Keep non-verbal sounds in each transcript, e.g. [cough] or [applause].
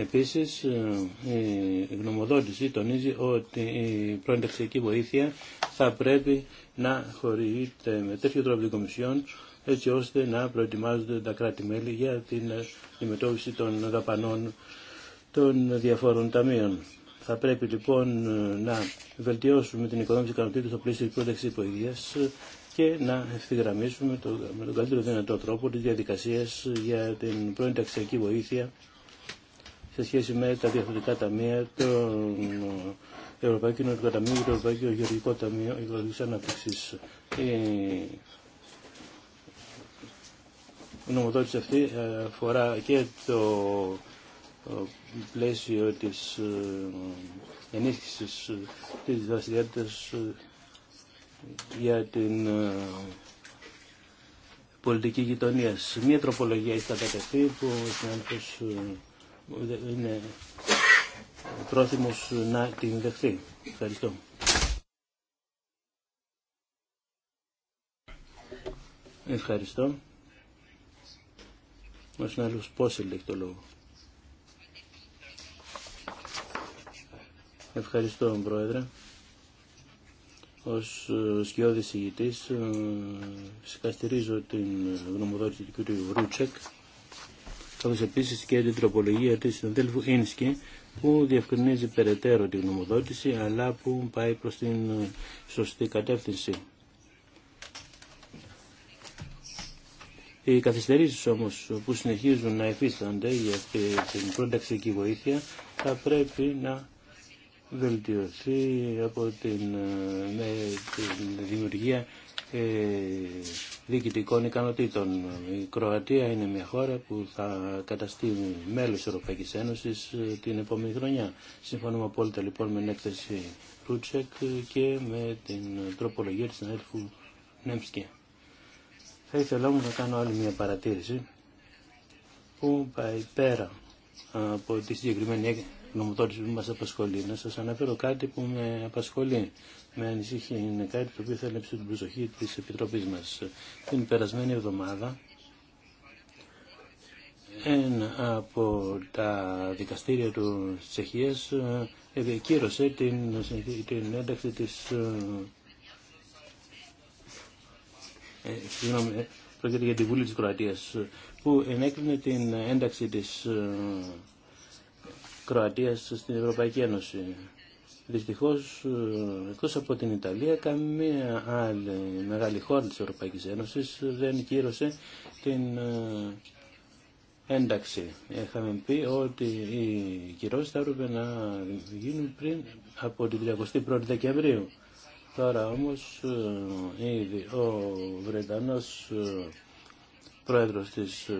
Επίσης, ε, η γνωμοδότηση τονίζει ότι η προενταξιακή βοήθεια θα πρέπει να χορηγείται με τέτοιο τρόπο την Κομισιόν, έτσι ώστε να προετοιμάζονται τα κράτη-μέλη για την αντιμετώπιση των δαπανών των διαφόρων ταμείων. Θα πρέπει λοιπόν να βελτιώσουμε την οικονομική ικανότητα στο πλαίσιο τη πρόταξη και να ευθυγραμμίσουμε με τον καλύτερο δυνατό τρόπο τις διαδικασίες για την προενταξιακή βοήθεια σε σχέση με τα διαφορετικά ταμεία, το ε, Ευρωπαϊκό Κοινωνικό Ταμείο και το Ευρωπαϊκό Γεωργικό Ταμείο Οικονομικής Ανάπτυξη. Η νομοδότηση αυτή ε, αφορά και το ε, πλαίσιο της ενίσχυσης της δραστηριότητας για την πολιτική γειτονία. Μία τροπολογία έχει κατατεθεί που ο είναι πρόθυμος να την δεχθεί. Ευχαριστώ. Ευχαριστώ. να άλλος, πώς έλεγε το λόγο. Ευχαριστώ, Πρόεδρε. Ως ε, σκιώδης ηγητής, ε, συγκαστηρίζω την γνωμοδότηση του κ. Ρούτσεκ καθώς επίσης και την τροπολογία της συναδέλφου Ίνσκι που διευκρινίζει περαιτέρω τη γνωμοδότηση αλλά που πάει προς την ε, σωστή κατεύθυνση. Οι καθυστερήσει όμως που συνεχίζουν να υφίστανται για την προταξική βοήθεια θα πρέπει να βελτιωθεί από την, ε, με, την δημιουργία ε, διοικητικών ικανοτήτων. Η Κροατία είναι μια χώρα που θα καταστεί μέλος της Ευρωπαϊκής Ένωσης ε, την επόμενη χρονιά. Συμφωνούμε απόλυτα λοιπόν με την έκθεση Ρούτσεκ και με την τροπολογία της συνάδελφου Νέμψκε. Θα ήθελα όμως να κάνω άλλη μια παρατήρηση που πάει πέρα από τη συγκεκριμένη νομοδότηση που μας απασχολεί. Να σας αναφέρω κάτι που με απασχολεί με ανησυχία. Είναι κάτι το οποίο θα έλεψε την προσοχή της Επιτροπής μας. Την περασμένη εβδομάδα ένα από τα δικαστήρια του Τσεχίας ε, κύρωσε την, την ένταξη της ε, ε, συγγνώμη, πρόκειται για τη Βουλή της Κροατίας που ενέκρινε την ένταξη της Κροατίας στην Ευρωπαϊκή Ένωση. Δυστυχώς, ε, εκτός από την Ιταλία, καμία άλλη μεγάλη χώρα της Ευρωπαϊκής Ένωσης δεν κύρωσε την ε, ένταξη. Είχαμε πει ότι οι κυρώσεις θα έπρεπε να γίνουν πριν από την 31η Δεκεμβρίου. Τώρα όμως ε, ήδη ο Βρετανός πρόεδρος της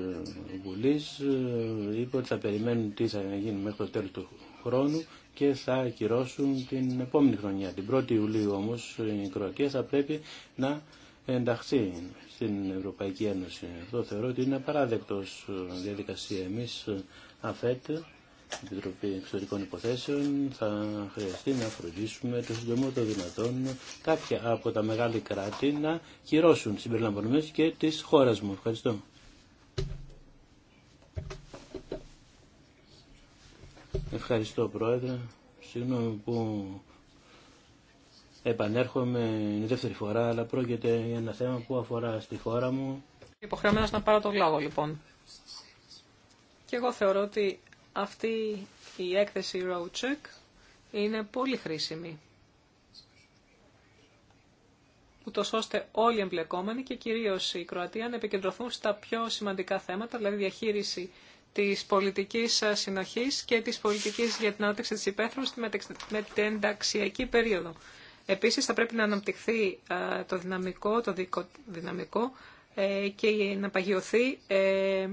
Βουλής είπε ότι θα περιμένουν τι θα γίνει μέχρι το τέλος του χρόνου και θα ακυρώσουν την επόμενη χρονιά. Την 1η Ιουλίου όμως η Κροατία θα πρέπει να ενταχθεί στην Ευρωπαϊκή Ένωση. Αυτό θεωρώ ότι είναι παράδεκτος διαδικασία. Εμείς ΑΦΕΤ, Επιτροπή Εξωτερικών Υποθέσεων, θα χρειαστεί να φροντίσουμε το συντομό των δυνατών κάποια από τα μεγάλη κράτη να κυρώσουν συμπεριλαμβανομένως και της χώρας μου. Ευχαριστώ. Ευχαριστώ Πρόεδρε. Συγγνώμη που επανέρχομαι η δεύτερη φορά, αλλά πρόκειται για ένα θέμα που αφορά στη χώρα μου. Υποχρεωμένο να πάρω τον λόγο λοιπόν. Και εγώ θεωρώ ότι αυτή η έκθεση Roadcheck είναι πολύ χρήσιμη. Ούτω ώστε όλοι οι εμπλεκόμενοι και κυρίως η Κροατία να επικεντρωθούν στα πιο σημαντικά θέματα, δηλαδή διαχείριση της πολιτικής συνοχής και της πολιτικής για την ανάπτυξη της υπαίθρου με την ενταξιακή περίοδο. Επίσης θα πρέπει να αναπτυχθεί ε, το δυναμικό, το δυναμικό ε, και να παγιωθεί ε,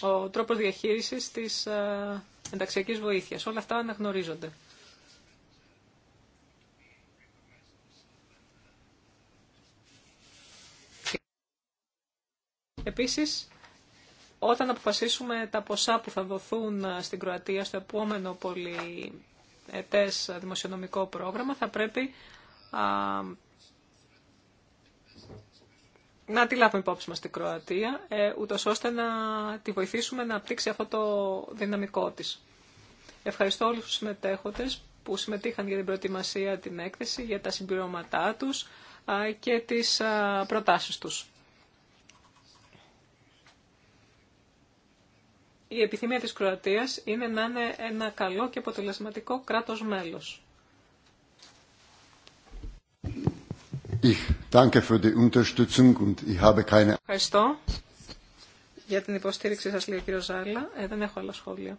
ο τρόπος διαχείρισης της ενταξιακής βοήθειας. Όλα αυτά αναγνωρίζονται. Επίσης, όταν αποφασίσουμε τα ποσά που θα δοθούν ε, στην Κροατία στο επόμενο πολυετές δημοσιονομικό πρόγραμμα, θα πρέπει να τη λάβουμε υπόψη μας στην Κροατία, ε, ούτως ώστε να τη βοηθήσουμε να απτύξει αυτό το δυναμικό της. Ευχαριστώ όλους τους συμμετέχοντες που συμμετείχαν για την προετοιμασία την έκθεση, για τα συμπληρώματά τους και τις προτάσεις τους. η επιθυμία της Κροατίας είναι να είναι ένα καλό και αποτελεσματικό κράτος μέλος. Ευχαριστώ για την υποστήριξη σας, λέει ο κύριος Ζάλα. Ε, δεν έχω άλλα σχόλια.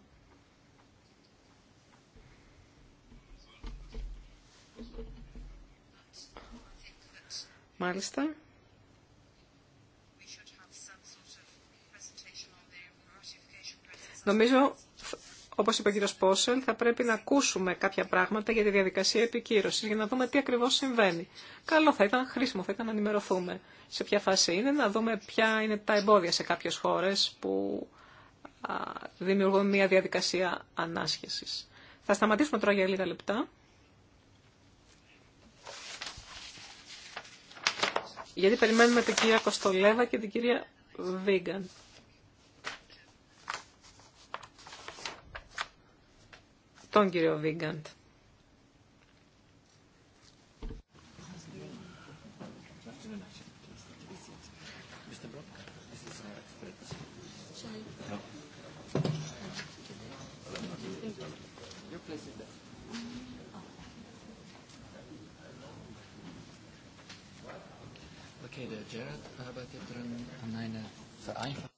Μάλιστα. Νομίζω, όπως είπε ο κύριος Πόσελ, θα πρέπει να ακούσουμε κάποια πράγματα για τη διαδικασία επικύρωσης, για να δούμε τι ακριβώς συμβαίνει. Καλό θα ήταν, χρήσιμο θα ήταν να ενημερωθούμε σε ποια φάση είναι, να δούμε ποια είναι τα εμπόδια σε κάποιες χώρες που δημιουργούν μια διαδικασία ανάσχεσης. Θα σταματήσουμε τώρα για λίγα λεπτά. Γιατί περιμένουμε την κυρία Κοστολέβα και την κυρία Βίγκαν. τον κύριο Βίγκαντ. Okay, der Gerard arbeitet dran an einer Vereinfachung.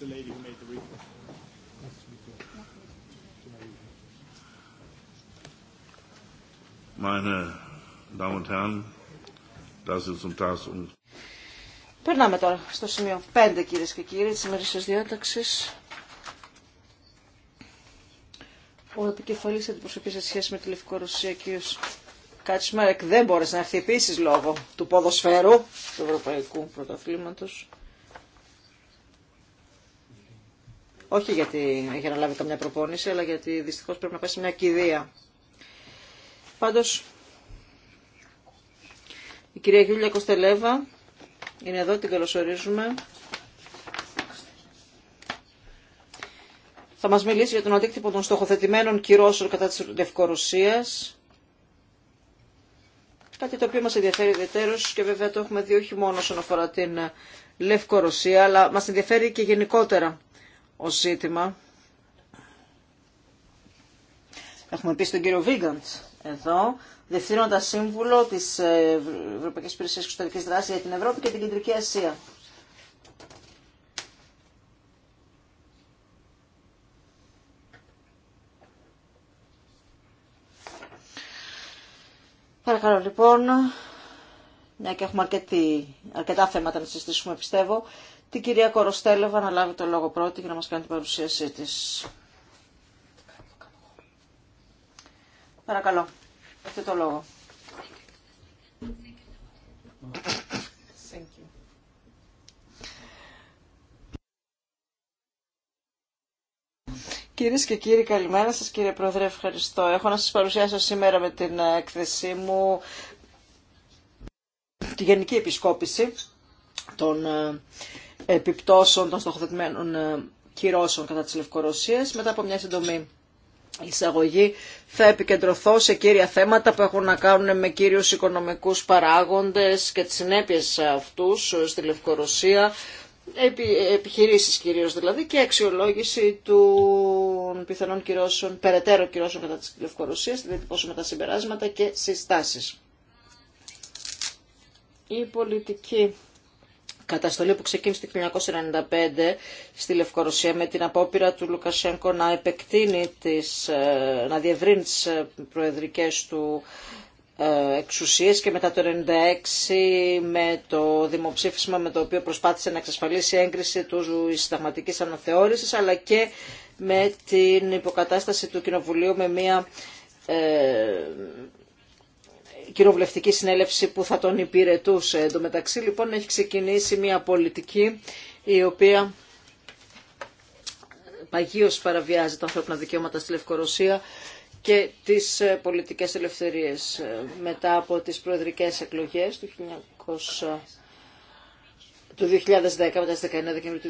the lady who made the report. Meine Damen und Herren, das ist zum Περνάμε τώρα στο σημείο 5 κυρίε και κύριοι τη ημερήσια διάταξη. Ο επικεφαλή αντιπροσωπή σε σχέση με τη Λευκορωσία, κ. Κάτσμαρεκ, δεν μπόρεσε να έρθει επίση λόγω του ποδοσφαίρου του Ευρωπαϊκού Πρωταθλήματο. Όχι γιατί να λάβει καμιά προπόνηση, αλλά γιατί δυστυχώς πρέπει να πάει σε μια κηδεία. Πάντως, η κυρία Γιούλια Κοστελέβα είναι εδώ, την καλωσορίζουμε. Θα μας μιλήσει για τον αντίκτυπο των στοχοθετημένων κυρώσεων κατά της Λευκορωσίας. Κάτι το οποίο μας ενδιαφέρει ιδιαίτερως και βέβαια το έχουμε δει όχι μόνο όσον αφορά την Λευκορωσία, αλλά μας ενδιαφέρει και γενικότερα ως ζήτημα. Έχουμε πει στον κύριο Βίγκαντ εδώ, διευθύνοντα σύμβουλο τη ε, Ευρωπαϊκή Υπηρεσία Εξωτερική Δράση για την Ευρώπη και την Κεντρική Ασία. Παρακαλώ λοιπόν, μια και έχουμε αρκετή, αρκετά θέματα να συζητήσουμε πιστεύω, την κυρία Κοροστέλεβα να λάβει το λόγο πρώτη για να μας κάνει την παρουσίασή της. Παρακαλώ, έχετε το λόγο. Κυρίε Κυρίες και κύριοι καλημέρα σας κύριε Πρόεδρε ευχαριστώ. Έχω να σας παρουσιάσω σήμερα με την έκθεσή μου τη Γενική Επισκόπηση των ε, επιπτώσεων των στοχοθετημένων ε, κυρώσεων κατά της Λευκορωσίας. Μετά από μια σύντομη εισαγωγή θα επικεντρωθώ σε κύρια θέματα που έχουν να κάνουν με κύριους οικονομικούς παράγοντες και τις συνέπειες αυτούς ε, στη Λευκορωσία, επιχειρήσεις κυρίως δηλαδή και αξιολόγηση των πιθανών κυρώσεων, περαιτέρω κυρώσεων κατά της Λευκορωσίας, δηλαδή πόσο με τα συμπεράσματα και συστάσεις. Η πολιτική καταστολή που ξεκίνησε το 1995 στη Λευκορωσία με την απόπειρα του Λουκασένκο να επεκτείνει τις, ε, να διευρύνει τις ε, προεδρικές του ε, εξουσίες και μετά το 1996 με το δημοψήφισμα με το οποίο προσπάθησε να εξασφαλίσει έγκριση του συνταγματικής αναθεώρησης αλλά και με την υποκατάσταση του Κοινοβουλίου με μια κοινοβουλευτική συνέλευση που θα τον υπηρετούσε. Εν λοιπόν έχει ξεκινήσει μια πολιτική η οποία παγίως παραβιάζει τα ανθρώπινα δικαιώματα στη Λευκορωσία και τις ε, πολιτικές ελευθερίες ε, μετά από τις προεδρικές εκλογές του 1900 του 2010, μετά 19 Δεκεμβρίου του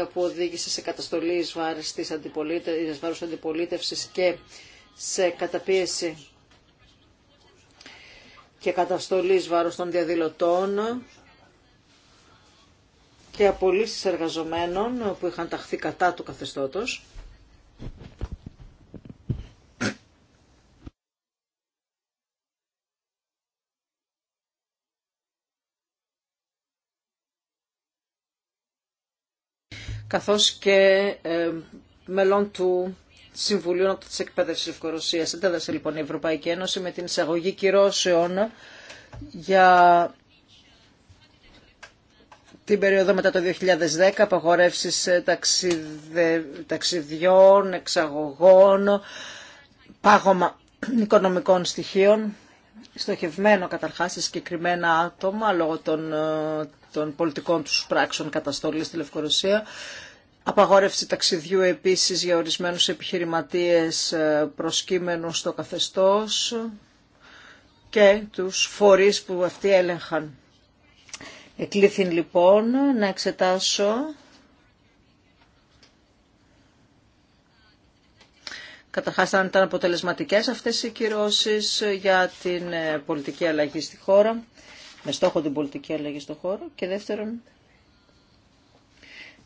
2010, που οδήγησε σε καταστολή εις βάρος της αντιπολίτευσης και σε καταπίεση και καταστολής βάρος των διαδηλωτών και απολύσεις εργαζομένων που είχαν ταχθεί κατά του καθεστώτος. καθώς και ε, μελών του Συμβουλίου από τη Εκπαίδευση Ευκορωσία. Εντέδασε λοιπόν η Ευρωπαϊκή Ένωση με την εισαγωγή κυρώσεων για την περίοδο μετά το 2010 απαγορεύσει ε, ταξιδε, ταξιδιών, εξαγωγών, πάγωμα οικονομικών στοιχείων, στοχευμένο καταρχά, σε συγκεκριμένα άτομα λόγω των, ε, των πολιτικών του πράξεων καταστολή στη Λευκορωσία Απαγόρευση ταξιδιού επίσης για ορισμένους επιχειρηματίες ε, προσκύμενους στο καθεστώς και τους φορείς που αυτοί έλεγχαν. Εκλήθην λοιπόν να εξετάσω καταρχάς αν ήταν αποτελεσματικές αυτές οι κυρώσεις για την ε, πολιτική αλλαγή στη χώρα, με στόχο την πολιτική αλλαγή στον χώρο και δεύτερον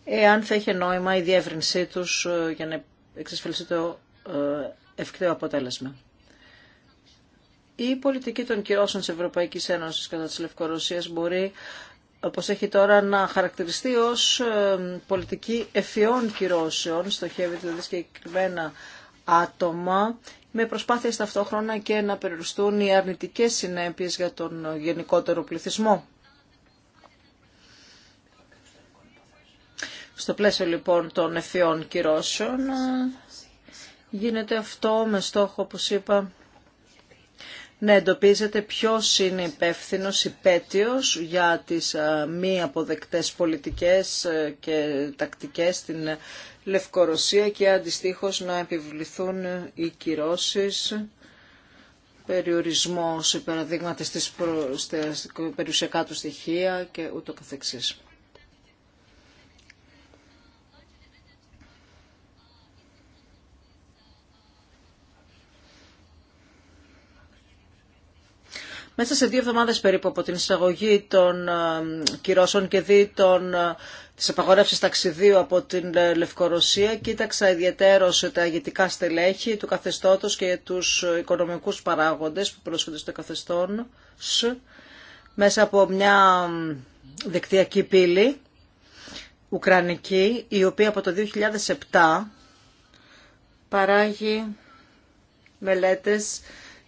εάν θα είχε νόημα η διεύρυνσή τους ε, για να εξασφαλιστεί το ε, ευκταίο αποτέλεσμα. Η πολιτική των κυρώσεων της Ευρωπαϊκής Ένωσης κατά της Λευκορωσίας μπορεί, όπως έχει τώρα, να χαρακτηριστεί ως ε, πολιτική ευφυών κυρώσεων, στοχεύεται δηλαδή συγκεκριμένα άτομα, με προσπάθεια ταυτόχρονα και να περιοριστούν οι αρνητικές συνέπειες για τον γενικότερο πληθυσμό Στο πλαίσιο λοιπόν των ευφυών κυρώσεων ε, γίνεται αυτό με στόχο, όπως είπα, να εντοπίζεται ποιος είναι υπεύθυνο υπέτειος για τις ε, μη αποδεκτές πολιτικές ε, και τακτικές στην Λευκορωσία και αντιστοίχως να επιβληθούν οι κυρώσεις περιορισμός, παραδείγματα στις προ... περιουσιακά του στοιχεία και ούτω καθεξής. μέσα σε δύο εβδομάδες περίπου από την εισαγωγή των ε, κυρώσεων και δι των ε, της απαγορεύσης ταξιδίου από την ε, Λευκορωσία κοίταξα ιδιαίτερως τα αγετικά στελέχη του καθεστώτος και τους οικονομικούς παράγοντες που πρόσφερε στο καθεστόν μέσα από μια δικτυακή πύλη ουκρανική η οποία από το 2007 παράγει μελέτες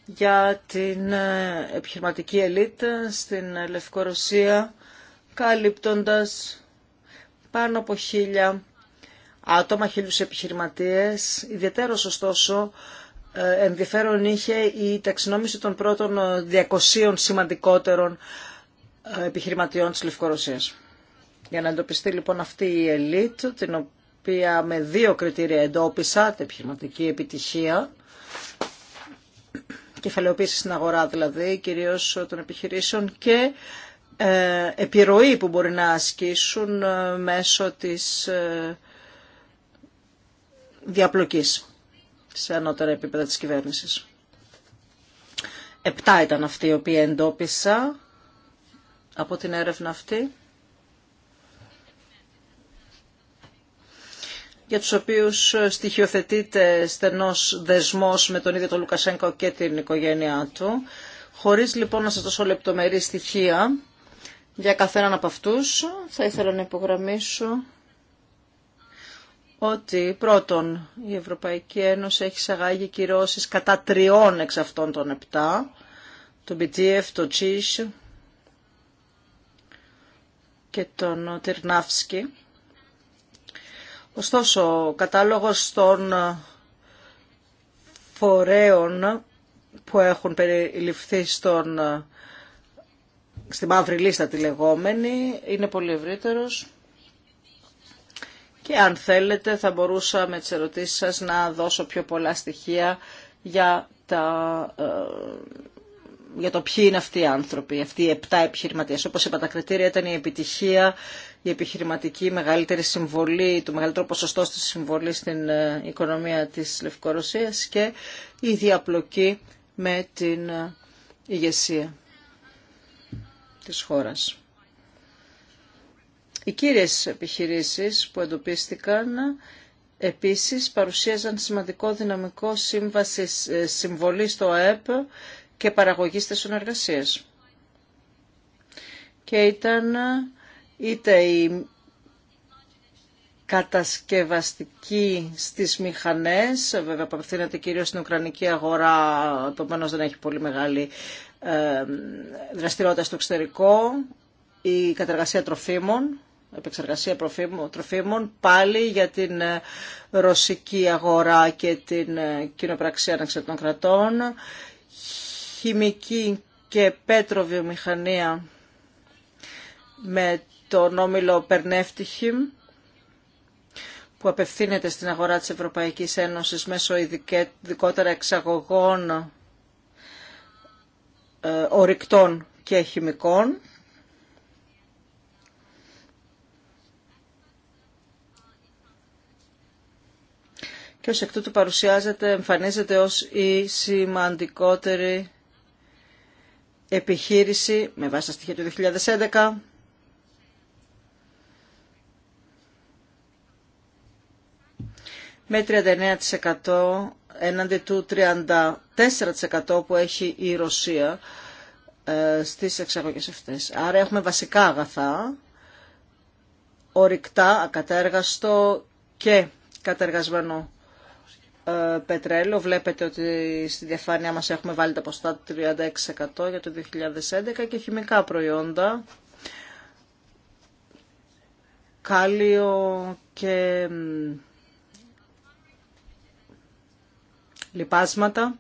για την ε, επιχειρηματική ελίτ στην Λευκορωσία, καλύπτοντας πάνω από χίλια άτομα, χίλιους επιχειρηματίες. Ιδιαίτερος ωστόσο ε, ενδιαφέρον είχε η ταξινόμηση των πρώτων 200 σημαντικότερων ε, επιχειρηματιών της Λευκορωσίας. Για να εντοπιστεί λοιπόν αυτή η ελίτ, την οποία με δύο κριτήρια εντόπισα, την επιχειρηματική επιτυχία, κεφαλαιοποίηση στην αγορά δηλαδή, κυρίως των επιχειρήσεων και ε, επιρροή που μπορεί να ασκήσουν ε, μέσω της ε, διαπλοκής σε ανώτερα επίπεδα της κυβέρνησης. Επτά ήταν αυτοί οι οποίοι εντόπισα από την έρευνα αυτή. για τους οποίους ε, στοιχειοθετείται στενός δεσμός με τον ίδιο τον Λουκασέγκο και την οικογένειά του. Χωρίς λοιπόν να σας δώσω λεπτομερή στοιχεία για καθέναν από αυτούς, θα ήθελα να υπογραμμίσω ότι πρώτον η Ευρωπαϊκή Ένωση έχει σαγάγει κυρώσεις κατά τριών εξ αυτών των επτά, το BTF, το CHISH και τον Τυρνάφσκι Ωστόσο, ο κατάλογος των ε, φορέων που έχουν περιληφθεί στον, ε, στη μαύρη λίστα τη λεγόμενη είναι πολύ ευρύτερος. Και αν θέλετε θα μπορούσα με τις ερωτήσεις σας να δώσω πιο πολλά στοιχεία για, τα, ε, για το ποιοι είναι αυτοί οι άνθρωποι, αυτοί οι επτά επιχειρηματίες. Όπως είπα τα κριτήρια ήταν η επιτυχία, η επιχειρηματική μεγαλύτερη συμβολή, το μεγαλύτερο ποσοστό της συμβολή στην ε, οικονομία της Λευκορωσίας και η διαπλοκή με την ε, ηγεσία της χώρας. Οι κύριες επιχειρήσεις που εντοπίστηκαν ε, επίσης παρουσίαζαν σημαντικό δυναμικό σύμβασης, συμβολή στο ΑΕΠ και παραγωγή στι Και ήταν είτε η κατασκευαστική στις μηχανές, βέβαια απευθύνεται κυρίως στην Ουκρανική αγορά, το δεν έχει πολύ μεγάλη ε, δραστηριότητα στο εξωτερικό, η κατεργασία τροφίμων, επεξεργασία τροφίμων, πάλι για την ε, ρωσική αγορά και την ε, κοινοπραξία αναξιωτών κρατών, χημική και πέτροβιομηχανία με τον όμιλο Περνεύτυχημ που απευθύνεται στην αγορά της Ευρωπαϊκής Ένωσης μέσω ειδικότερα εξαγωγών ε, ορυκτών και χημικών. Και ως εκ τούτου παρουσιάζεται, εμφανίζεται ως η σημαντικότερη επιχείρηση, με βάση τα στοιχεία του 2011, με 39% έναντι του 34% που έχει η Ρωσία ε, στις εξαγωγές αυτές. Άρα έχουμε βασικά αγαθά, ορυκτά, ακατέργαστο και κατεργασμένο ε, πετρέλαιο. Βλέπετε ότι στη διαφάνεια μας έχουμε βάλει τα ποστά 36% για το 2011 και χημικά προϊόντα, κάλιο και λοιπάσματα.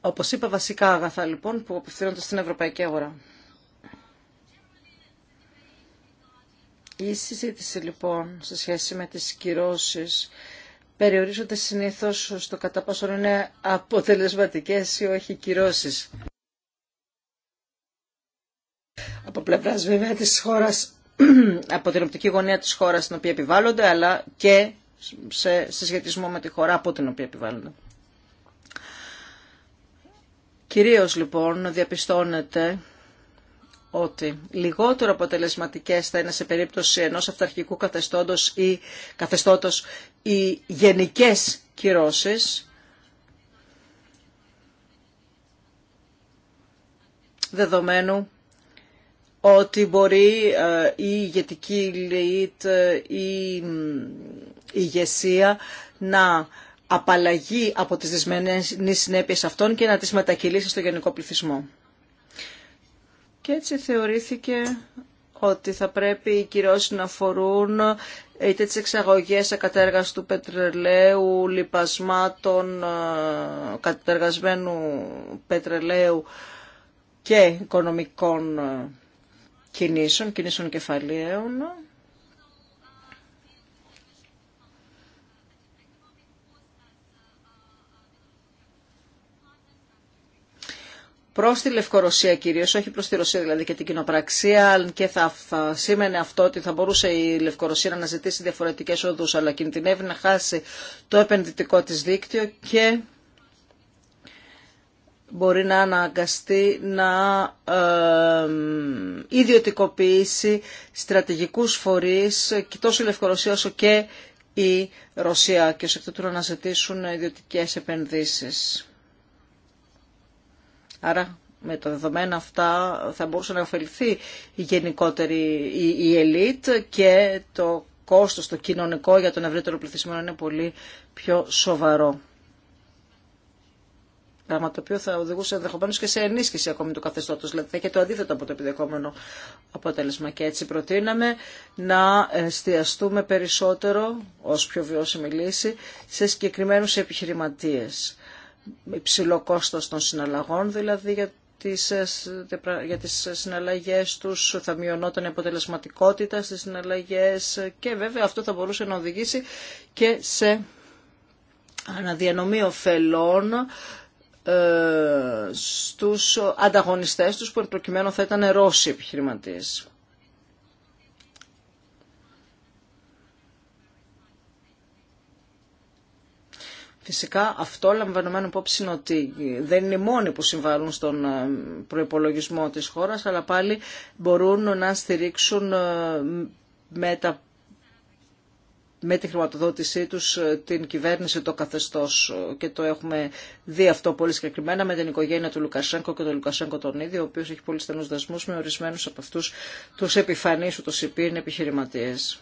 Όπως είπα, βασικά αγαθά λοιπόν που απευθύνονται στην ευρωπαϊκή αγορά. Η συζήτηση λοιπόν σε σχέση με τις κυρώσεις περιορίζονται συνήθως στο κατά πόσο είναι αποτελεσματικές ή όχι κυρώσεις. Από πλευράς βέβαια της χώρας, [clears throat] από την οπτική γωνία της χώρας στην οποία επιβάλλονται, αλλά και σε σχετισμό με τη χώρα από την οποία επιβάλλονται. Κυρίως λοιπόν διαπιστώνεται ότι λιγότερο αποτελεσματικέ θα είναι σε περίπτωση ενός αυταρχικού καθεστώτος ή καθεστώτος οι γενικές κυρώσεις δεδομένου ότι μπορεί ε, η ηγετική ελίτ, η ηγετικη ΛΕΙΤ η ηγεσία να απαλλαγεί από τις δυσμένες συνέπειες αυτών και να τις μετακυλήσει στο γενικό πληθυσμό. Και έτσι θεωρήθηκε ότι θα πρέπει οι κυρώσεις να αφορούν είτε τις εξαγωγές ακατέργαστου του πετρελαίου, λιπασμάτων ε, κατεργασμένου πετρελαίου και οικονομικών ε, κινήσεων, κινήσεων κεφαλαίων Προ τη Λευκορωσία κυρίω, όχι προ τη Ρωσία δηλαδή και την κοινοπραξία, αλλά και θα, θα σήμαινε αυτό ότι θα μπορούσε η Λευκορωσία να αναζητήσει διαφορετικές οδούς, αλλά κινδυνεύει να χάσει το επενδυτικό της δίκτυο και μπορεί να αναγκαστεί να ιδιωτικοποιήσει στρατηγικούς φορείς και τόσο η Λευκορωσία όσο και η Ρωσία και ως εκ να αναζητήσουν ιδιωτικές επενδύσεις. Άρα με τα δεδομένα αυτά θα μπορούσε να ωφεληθεί η γενικότερη η, ελίτ και το κόστος το κοινωνικό για τον ευρύτερο πληθυσμό είναι πολύ πιο σοβαρό. Πράγμα το οποίο θα οδηγούσε ενδεχομένω και σε ενίσχυση ακόμη του καθεστώτος, δηλαδή θα έχει το αντίθετο από το επιδεκόμενο αποτέλεσμα. Και έτσι προτείναμε να εστιαστούμε περισσότερο, ως πιο βιώσιμη λύση, σε συγκεκριμένους επιχειρηματίες υψηλό κόστος των συναλλαγών, δηλαδή για τις, ε, για τις ε, συναλλαγές τους, θα μειωνόταν η αποτελεσματικότητα στις συναλλαγές και βέβαια αυτό θα μπορούσε να οδηγήσει και σε αναδιανομή ωφελών ε, στους ανταγωνιστές τους που προκειμένου θα ήταν Ρώσοι επιχειρηματίες. Φυσικά αυτό λαμβανωμένο υπόψη είναι ότι δεν είναι οι μόνοι που συμβάλλουν στον ε, προϋπολογισμό της χώρας, αλλά πάλι μπορούν να στηρίξουν ε, με, τα, με τη χρηματοδότησή τους ε, την κυβέρνηση, το καθεστώς και το έχουμε δει αυτό πολύ συγκεκριμένα με την οικογένεια του Λουκασέγκο και τον Λουκασέγκο τον ίδιο, ο οποίος έχει πολύ στενούς δασμούς με ορισμένους από αυτούς τους επιφανείς, ούτως οι είναι επιχειρηματίες.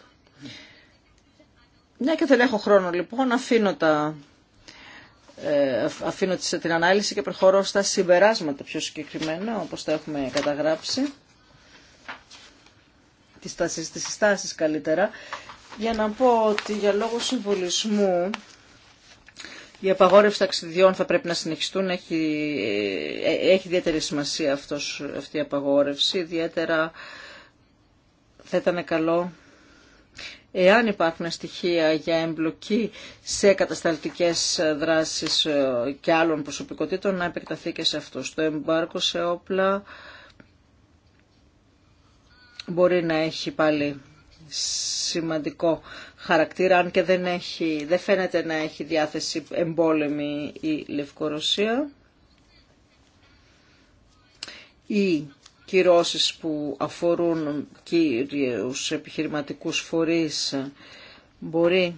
Μια και δεν έχω χρόνο λοιπόν, αφήνω τα ε, αφήνω την ανάλυση και προχωρώ στα συμπεράσματα πιο συγκεκριμένα, όπως τα έχουμε καταγράψει, τις, στάσεις τις καλύτερα, για να πω ότι για λόγους συμβολισμού η απαγόρευση ταξιδιών θα πρέπει να συνεχιστούν, έχει, ε, ε, έχει ιδιαίτερη σημασία αυτός, αυτή η απαγόρευση, ιδιαίτερα θα ήταν καλό εάν υπάρχουν στοιχεία για εμπλοκή σε κατασταλτικές δράσεις ε, και άλλων προσωπικότητων, να επεκταθεί και σε αυτό. Το εμπάρκο σε όπλα μπορεί να έχει πάλι σημαντικό χαρακτήρα, αν και δεν, έχει, δεν φαίνεται να έχει διάθεση εμπόλεμη η Λευκορωσία. Η κυρώσεις που αφορούν κύριους επιχειρηματικούς φορείς μπορεί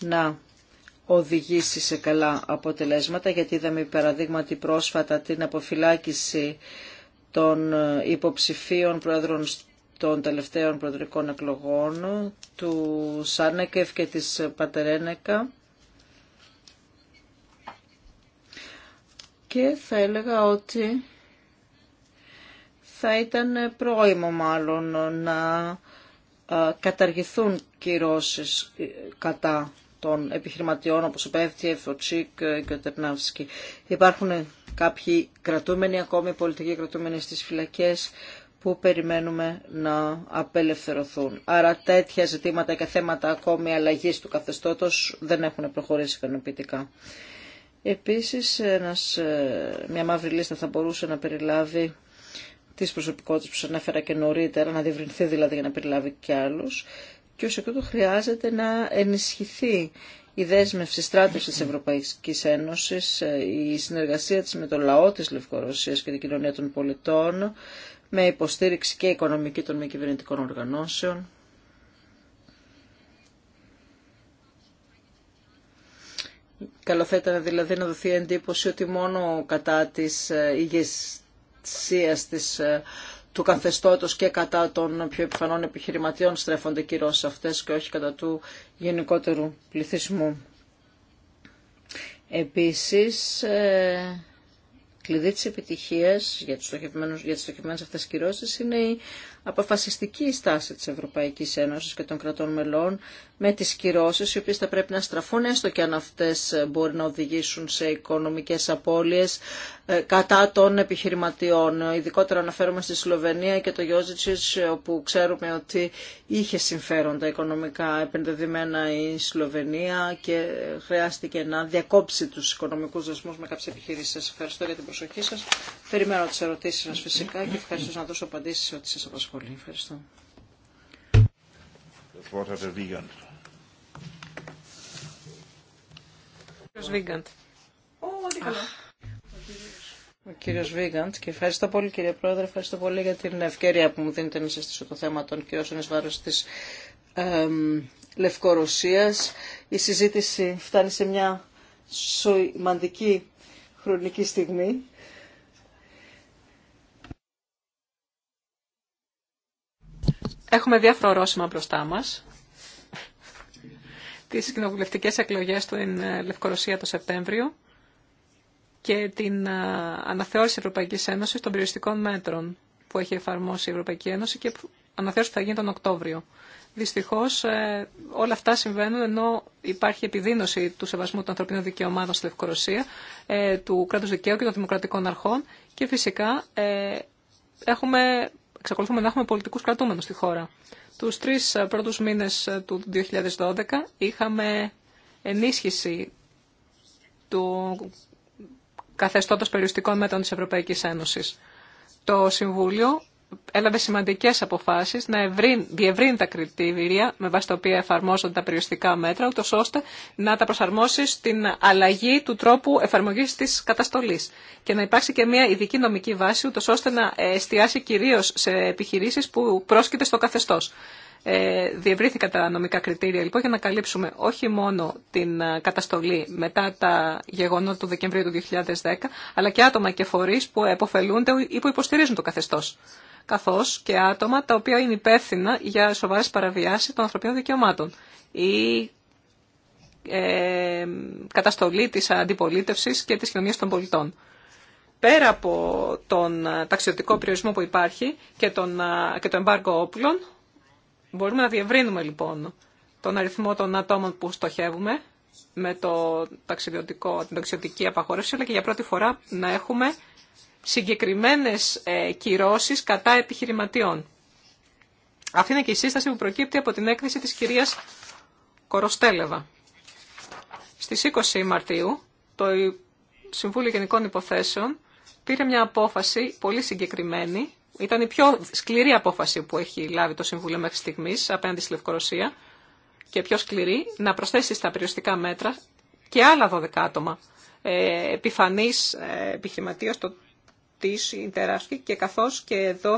να οδηγήσει σε καλά αποτελέσματα γιατί είδαμε παραδείγματι πρόσφατα την αποφυλάκηση των υποψηφίων πρόεδρων των τελευταίων προεδρικών εκλογών του Σάνεκεφ και της Πατερένεκα και θα έλεγα ότι θα ήταν πρόημο μάλλον να ε, καταργηθούν κυρώσεις κατά των επιχειρηματιών όπως ο Πέφτιεφ, ο Τσίκ ε, και ο Τερνάυσκι. Υπάρχουν κάποιοι κρατούμενοι ακόμη, πολιτικοί κρατούμενοι στις φυλακές που περιμένουμε να απελευθερωθούν. Άρα τέτοια ζητήματα και θέματα ακόμη αλλαγή του καθεστώτος δεν έχουν προχωρήσει ικανοποιητικά. Επίσης, ένας, ε, μια μαύρη λίστα θα μπορούσε να περιλάβει τη προσωπικότητα που σα ανέφερα και νωρίτερα, να διευρυνθεί δηλαδή για να περιλάβει και άλλους. Και ω εκ τούτου χρειάζεται να ενισχυθεί η δέσμευση στράτευσης τη Ευρωπαϊκής Ένωσης, η συνεργασία τη με το λαό της Λευκορωσίας και την κοινωνία των πολιτών, με υποστήριξη και οικονομική των μη κυβερνητικών οργανώσεων. Καλό δηλαδή να δοθεί εντύπωση ότι μόνο κατά της ηγεσίας ε, προστασίας της, ε, του καθεστώτος και κατά των πιο επιφανών επιχειρηματιών στρέφονται κυρώσεις αυτές και όχι κατά του γενικότερου πληθυσμού. Επίσης, ε, κλειδί της επιτυχίας για, για τις στοχευμένες αυτές κυρώσεις είναι η αποφασιστική στάση της Ευρωπαϊκής Ένωσης και των κρατών μελών με τις κυρώσεις οι οποίες θα πρέπει να στραφούν έστω και αν αυτές μπορεί να οδηγήσουν σε οικονομικές απώλειες ε, κατά των επιχειρηματιών. Ειδικότερα αναφέρομαι στη Σλοβενία και το Γιώζιτσις όπου ξέρουμε ότι είχε συμφέροντα οικονομικά επενδεδημένα η Σλοβενία και χρειάστηκε να διακόψει τους οικονομικούς δεσμούς με κάποιες επιχειρήσεις. Σας ευχαριστώ για την προσοχή σας. Περιμένω τις ερωτήσεις σας φυσικά και ευχαριστώ να δώσω απαντήσεις ό,τι σας απασχολεί πολύ. Ευχαριστώ. Ο κύριο Βίγκαντ και ευχαριστώ πολύ κύριε Πρόεδρε, ευχαριστώ πολύ για την ευκαιρία που μου δίνετε να συστήσω το θέμα των κυρώσεων εις βάρος της ε, Λευκορωσίας. Η συζήτηση φτάνει σε μια σημαντική χρονική στιγμή Έχουμε διάφορα ορόσημα μπροστά μας. Τις κοινοβουλευτικές εκλογές στην ε, Λευκορωσία το Σεπτέμβριο και την ε, αναθεώρηση Ευρωπαϊκής Ένωσης των περιοριστικών μέτρων που έχει εφαρμόσει η Ευρωπαϊκή Ένωση και αναθεώρηση που θα γίνει τον Οκτώβριο. Δυστυχώς ε, όλα αυτά συμβαίνουν ενώ υπάρχει επιδείνωση του σεβασμού των ανθρωπίνων δικαιωμάτων στη Λευκορωσία, του κράτους δικαίου και των δημοκρατικών αρχών και φυσικά έχουμε εξακολουθούμε να έχουμε πολιτικούς κρατούμενους στη χώρα. Τους τρεις ε, πρώτους μήνες ε, του 2012 είχαμε ενίσχυση του καθεστώτος περιοριστικών μέτρων της Ευρωπαϊκής Ένωσης. Το Συμβούλιο έλαβε σημαντικές αποφάσεις να διευρύνει τα κριτήρια με βάση τα οποία εφαρμόζονται τα περιοριστικά μέτρα, ούτως ώστε να τα προσαρμόσει στην αλλαγή του τρόπου εφαρμογής της καταστολής και να υπάρξει και μια ειδική νομική βάση, ούτως ώστε να εστιάσει κυρίως σε επιχειρήσεις που πρόσκειται στο καθεστώς. Ε, διευρύθηκαν τα νομικά κριτήρια λοιπόν για να καλύψουμε όχι μόνο την ε, καταστολή μετά τα γεγονότα του Δεκεμβρίου του 2010, αλλά και άτομα και φορεί που επωφελούνται ή που υποστηρίζουν το καθεστώς καθώς και άτομα τα οποία είναι υπεύθυνα για σοβαρές παραβιάσεις των ανθρωπίνων δικαιωμάτων ή ε, καταστολή της αντιπολίτευσης και της κοινωνία των πολιτών. Πέρα από τον ταξιδιωτικό περιορισμό που υπάρχει και, τον, και το εμπάργκο όπλων, μπορούμε να διευρύνουμε λοιπόν τον αριθμό των ατόμων που στοχεύουμε με το την ταξιδιωτική απαγόρευση, αλλά και για πρώτη φορά να έχουμε συγκεκριμένες ε, κυρώσεις κατά επιχειρηματιών. Αυτή είναι και η σύσταση που προκύπτει από την έκθεση της κυρίας Κοροστέλεβα. Στις 20 Μαρτίου το Συμβούλιο Γενικών Υποθέσεων πήρε μια απόφαση πολύ συγκεκριμένη. Ήταν η πιο σκληρή απόφαση που έχει λάβει το Συμβούλιο μέχρι στιγμής απέναντι στη Λευκορωσία και πιο σκληρή να προσθέσει στα περιοριστικά μέτρα και άλλα 12 άτομα. επιφανής ε, ε το της Ιντεράσκη και καθώς και 12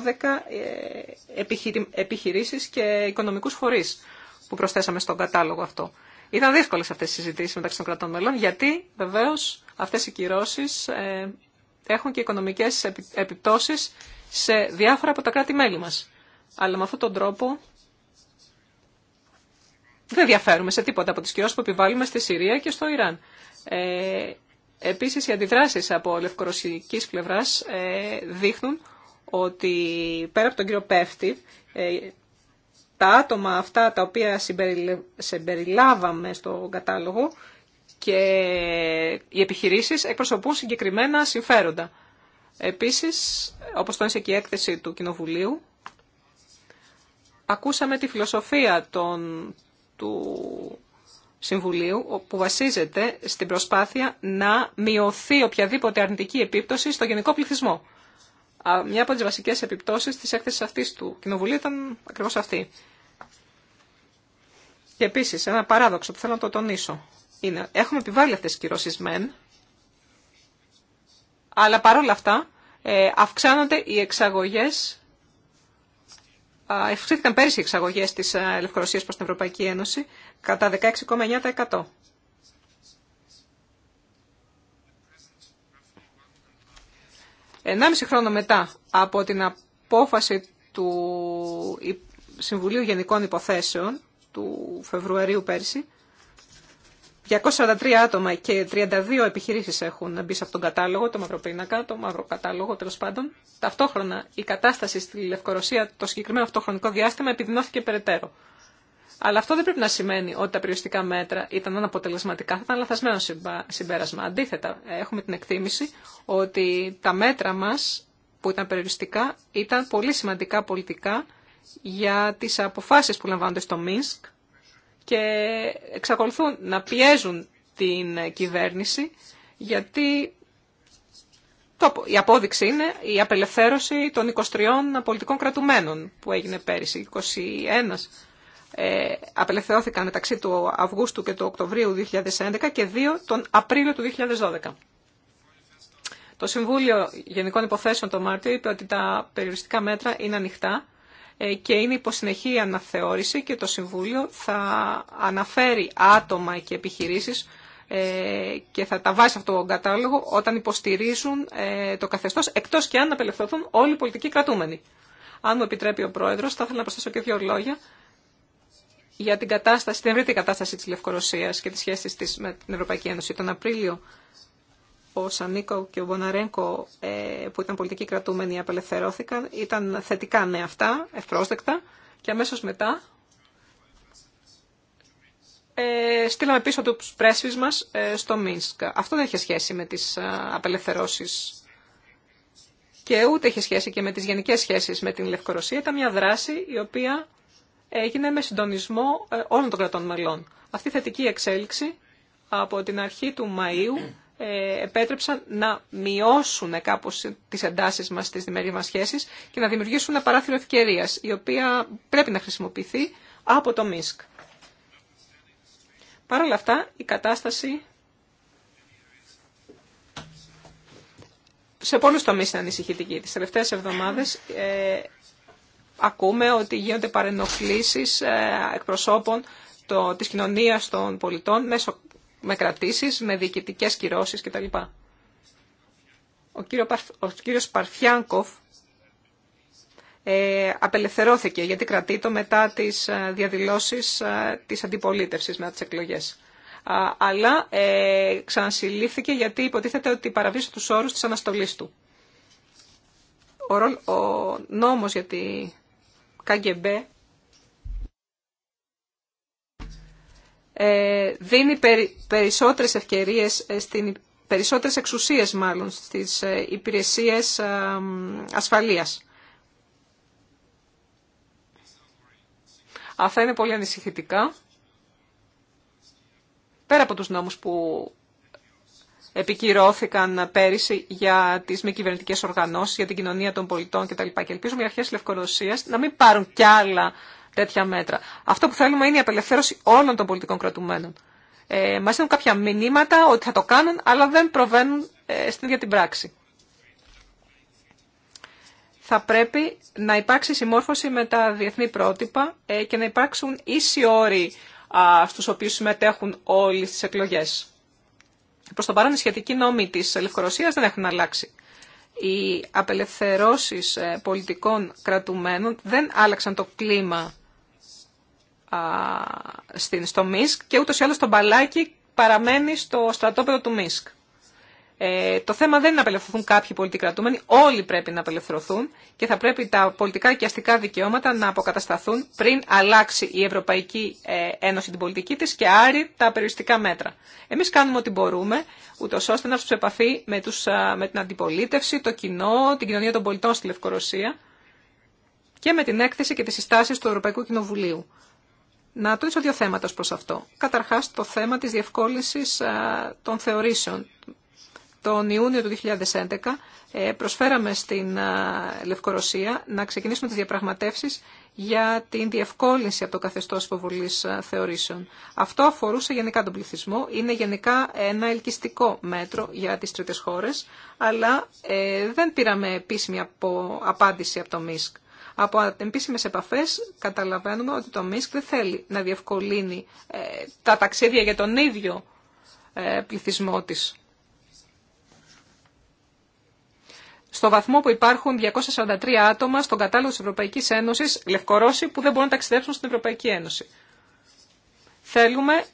ε, επιχειρήσεις και οικονομικούς φορείς που προσθέσαμε στον κατάλογο αυτό. Ήταν δύσκολες αυτές οι συζητήσεις μεταξύ των κρατών μελών, γιατί βεβαίως αυτές οι κυρώσεις ε, έχουν και οικονομικές επιπτώσεις σε διάφορα από τα κράτη-μέλη μας. Αλλά με αυτόν τον τρόπο δεν διαφέρουμε σε τίποτα από τις κυρώσεις που επιβάλλουμε στη Συρία και στο Ιράν. Ε, Επίσης, οι αντιδράσεις από λευκορωσικής πλευράς ε, δείχνουν ότι πέρα από τον κύριο Πέφτη, ε, τα άτομα αυτά τα οποία συμπεριλάβαμε στο κατάλογο και οι επιχειρήσεις εκπροσωπούν συγκεκριμένα συμφέροντα. Επίσης, όπως τόνισε και η έκθεση του Κοινοβουλίου, ακούσαμε τη φιλοσοφία των, του Συμβουλίου που βασίζεται στην προσπάθεια να μειωθεί οποιαδήποτε αρνητική επίπτωση στο γενικό πληθυσμό. Μια από τις βασικές επιπτώσεις τη έκθεσης αυτής του Κοινοβουλίου ήταν ακριβώς αυτή. Και επίση ένα παράδοξο που θέλω να το τονίσω είναι έχουμε επιβάλει αυτές τις κυρώσει μεν, αλλά παρόλα αυτά ε, αυξάνονται οι εξαγωγές αυξήθηκαν πέρυσι οι εξαγωγέ τη Λευκορωσία προ την Ευρωπαϊκή Ένωση κατά 16,9%. Ενάμιση χρόνο μετά από την απόφαση του Συμβουλίου Γενικών Υποθέσεων του Φεβρουαρίου πέρσι, 243 άτομα και 32 επιχειρήσεις έχουν μπει σε αυτόν τον κατάλογο, το πίνακα, το μαύρο κατάλογο τέλο πάντων. Ταυτόχρονα η κατάσταση στη Λευκορωσία το συγκεκριμένο αυτό χρονικό διάστημα επιδεινώθηκε περαιτέρω. Αλλά αυτό δεν πρέπει να σημαίνει ότι τα περιοριστικά μέτρα ήταν αναποτελεσματικά, θα ήταν λαθασμένο συμπέρασμα. Αντίθετα, έχουμε την εκτίμηση ότι τα μέτρα μας που ήταν περιοριστικά ήταν πολύ σημαντικά πολιτικά για τις αποφάσεις που λαμβάνονται στο Μίνσκ και εξακολουθούν να πιέζουν την κυβέρνηση γιατί η απόδειξη είναι η απελευθέρωση των 23 πολιτικών κρατουμένων που έγινε πέρυσι, 21 ε, απελευθερώθηκαν μεταξύ του Αυγούστου και του Οκτωβρίου 2011 και 2 τον Απρίλιο του 2012. Το Συμβούλιο Γενικών Υποθέσεων το Μάρτιο είπε ότι τα περιοριστικά μέτρα είναι ανοιχτά ε, και είναι υποσυνεχή αναθεώρηση και το Συμβούλιο θα αναφέρει άτομα και επιχειρήσεις ε, και θα τα βάζει σε αυτόν τον κατάλογο όταν υποστηρίζουν ε, το καθεστώς, εκτός και αν απελευθερωθούν όλοι οι πολιτικοί κρατούμενοι. Αν μου επιτρέπει ο Πρόεδρος, θα ήθελα να προσθέσω και δύο λόγια για την, κατάσταση, την ευρύτερη κατάσταση της Λευκορωσίας και τις σχέσεις της με την Ευρωπαϊκή Ένωση. Τον Απρίλιο ο Σανίκο και ο Μποναρέγκο ε, που ήταν πολιτικοί κρατούμενοι απελευθερώθηκαν. Ήταν θετικά νέα αυτά, ευπρόσδεκτα και αμέσως μετά ε, στείλαμε πίσω του πρέσβεις μας ε, στο Μίνσκ. Αυτό δεν είχε σχέση με τις ε, απελευθερώσεις και ούτε είχε σχέση και με τις γενικές σχέσεις με την Λευκορωσία. Ήταν μια δράση η οποία έγινε με συντονισμό όλων των κρατών μελών. Αυτή η θετική εξέλιξη από την αρχή του Μαΐου ε, επέτρεψαν να μειώσουν κάπως τις εντάσεις μας στις διμερείς μας σχέσεις και να δημιουργήσουν ένα παράθυρο ευκαιρίας, η οποία πρέπει να χρησιμοποιηθεί από το ΜΙΣΚ. Παρ' όλα αυτά, η κατάσταση σε πολλούς τομείς είναι ανησυχητική. Τις τελευταίες εβδομάδες ε, ακούμε ότι γίνονται παρενοχλήσεις ε, εκπροσώπων το, της κοινωνίας των πολιτών μέσω με κρατήσεις, με διοικητικές κυρώσεις κτλ. Ο, κύριο, ο κύριος Παρφιάνκοφ ε, απελευθερώθηκε γιατί κρατεί μετά τις ε, διαδηλώσεις ε, της αντιπολίτευσης μετά τις εκλογές. Αλλά ε, ξανασυλλήφθηκε γιατί υποτίθεται ότι παραβίωσε τους όρους της αναστολής του. Ο, ο νόμος για την Ε, δίνει περισσότερες ευκαιρίες, ε, στην, περισσότερες εξουσίες μάλλον στις ε, υπηρεσίες ασφαλείας. Αυτά είναι πολύ ανησυχητικά. Πέρα από τους νόμους που επικυρώθηκαν πέρυσι για τις μη κυβερνητικές οργανώσεις, για την κοινωνία των πολιτών κτλ. Και ελπίζουμε οι αρχές Λευκορωσίας να μην πάρουν κι άλλα τέτοια μέτρα. Αυτό που θέλουμε είναι η απελευθέρωση όλων των πολιτικών κρατουμένων. Ε, μας δίνουν κάποια μηνύματα ότι θα το κάνουν, αλλά δεν προβαίνουν ε, στην ίδια την πράξη. Θα πρέπει να υπάρξει συμμόρφωση με τα διεθνή πρότυπα ε, και να υπάρξουν ίσοι όροι α, στους οποίους συμμετέχουν όλοι στις εκλογές. Προς το παρόν, οι σχετικοί νόμοι της Λευκορωσίας δεν έχουν αλλάξει. Οι απελευθερώσεις ε, πολιτικών κρατουμένων δεν άλλαξαν το κλίμα στην, στο Μίσκ και ούτως ή άλλως το μπαλάκι παραμένει στο στρατόπεδο του Μίσκ. Ε, το θέμα δεν είναι να απελευθερωθούν κάποιοι πολιτικοί κρατούμενοι, όλοι πρέπει να απελευθερωθούν και θα πρέπει τα πολιτικά και αστικά δικαιώματα να αποκατασταθούν πριν αλλάξει η Ευρωπαϊκή ε, Ένωση την πολιτική της και άρει τα περιοριστικά μέτρα. Εμείς κάνουμε ό,τι μπορούμε, ούτω ώστε να έρθουμε σε επαφή με, τους, με την αντιπολίτευση, το κοινό, την κοινωνία των πολιτών στη Λευκορωσία και με την έκθεση και τις συστάσεις του Ευρωπαϊκού Κοινοβουλίου. Να τονίσω δύο θέματα προς αυτό. Καταρχάς το θέμα της διευκόλυνση ε, των θεωρήσεων. Τον Ιούνιο του 2011 ε, προσφέραμε στην ε, Λευκορωσία να ξεκινήσουμε τις διαπραγματεύσεις για την διευκόλυνση από το καθεστώ υποβολή θεωρήσεων. Αυτό αφορούσε γενικά τον πληθυσμό, είναι γενικά ένα ελκυστικό μέτρο για τι τρίτε χώρε, αλλά δεν πήραμε επίσημη απάντηση από το ΜΙΣΚ. Από επίσημε επαφέ, καταλαβαίνουμε ότι το ΜΙΣΚ δεν θέλει να διευκολύνει ε, τα ταξίδια για τον ίδιο ε, πληθυσμό τη. στο βαθμό που υπάρχουν 243 άτομα στον κατάλογο τη Ευρωπαϊκής Ένωσης, Λευκορώσοι, που δεν μπορούν να ταξιδέψουν στην Ευρωπαϊκή Ένωση. Θέλουμε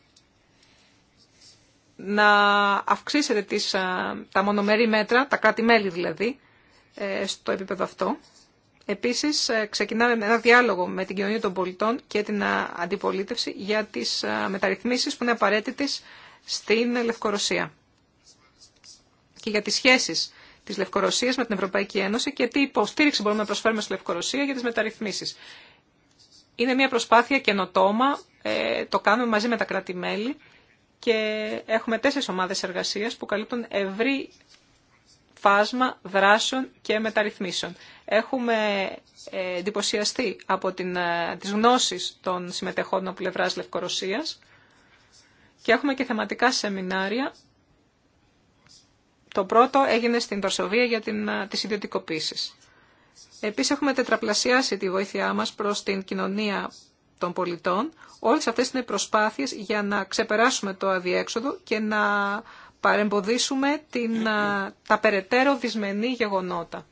να αυξήσετε τις, ε, τα μονομερή μέτρα, τα κάτι μελη δηλαδή, στο επίπεδο αυτό. Επίσης, ε, ξεκινάμε ένα διάλογο με την κοινωνία των πολιτών και την αντιπολίτευση για τις μεταρρυθμίσεις που είναι απαραίτητες στην Λευκορωσία και για τις σχέσεις της Λευκορωσίας με την Ευρωπαϊκή Ένωση και τι υποστήριξη μπορούμε να προσφέρουμε στη Λευκορωσία για τις μεταρρυθμίσεις. Είναι μια προσπάθεια καινοτόμα, ε, το κάνουμε μαζί με τα κράτη-μέλη και έχουμε τέσσερις ομάδες εργασίας που καλύπτουν ευρύ φάσμα δράσεων και μεταρρυθμίσεων. Έχουμε ε, εντυπωσιαστεί από την, ε, τις γνώσεις των συμμετεχόντων πλευράς Λευκορωσίας και έχουμε και θεματικά σεμινάρια. Το πρώτο έγινε στην Βαρσοβία για την, ε, τις ιδιωτικοποίησεις. Επίσης έχουμε τετραπλασιάσει τη βοήθειά μας προς την κοινωνία των πολιτών. Όλες αυτές είναι προσπάθειες για να ξεπεράσουμε το αδιέξοδο και να παρεμποδίσουμε την, τα περαιτέρω δυσμενή γεγονότα.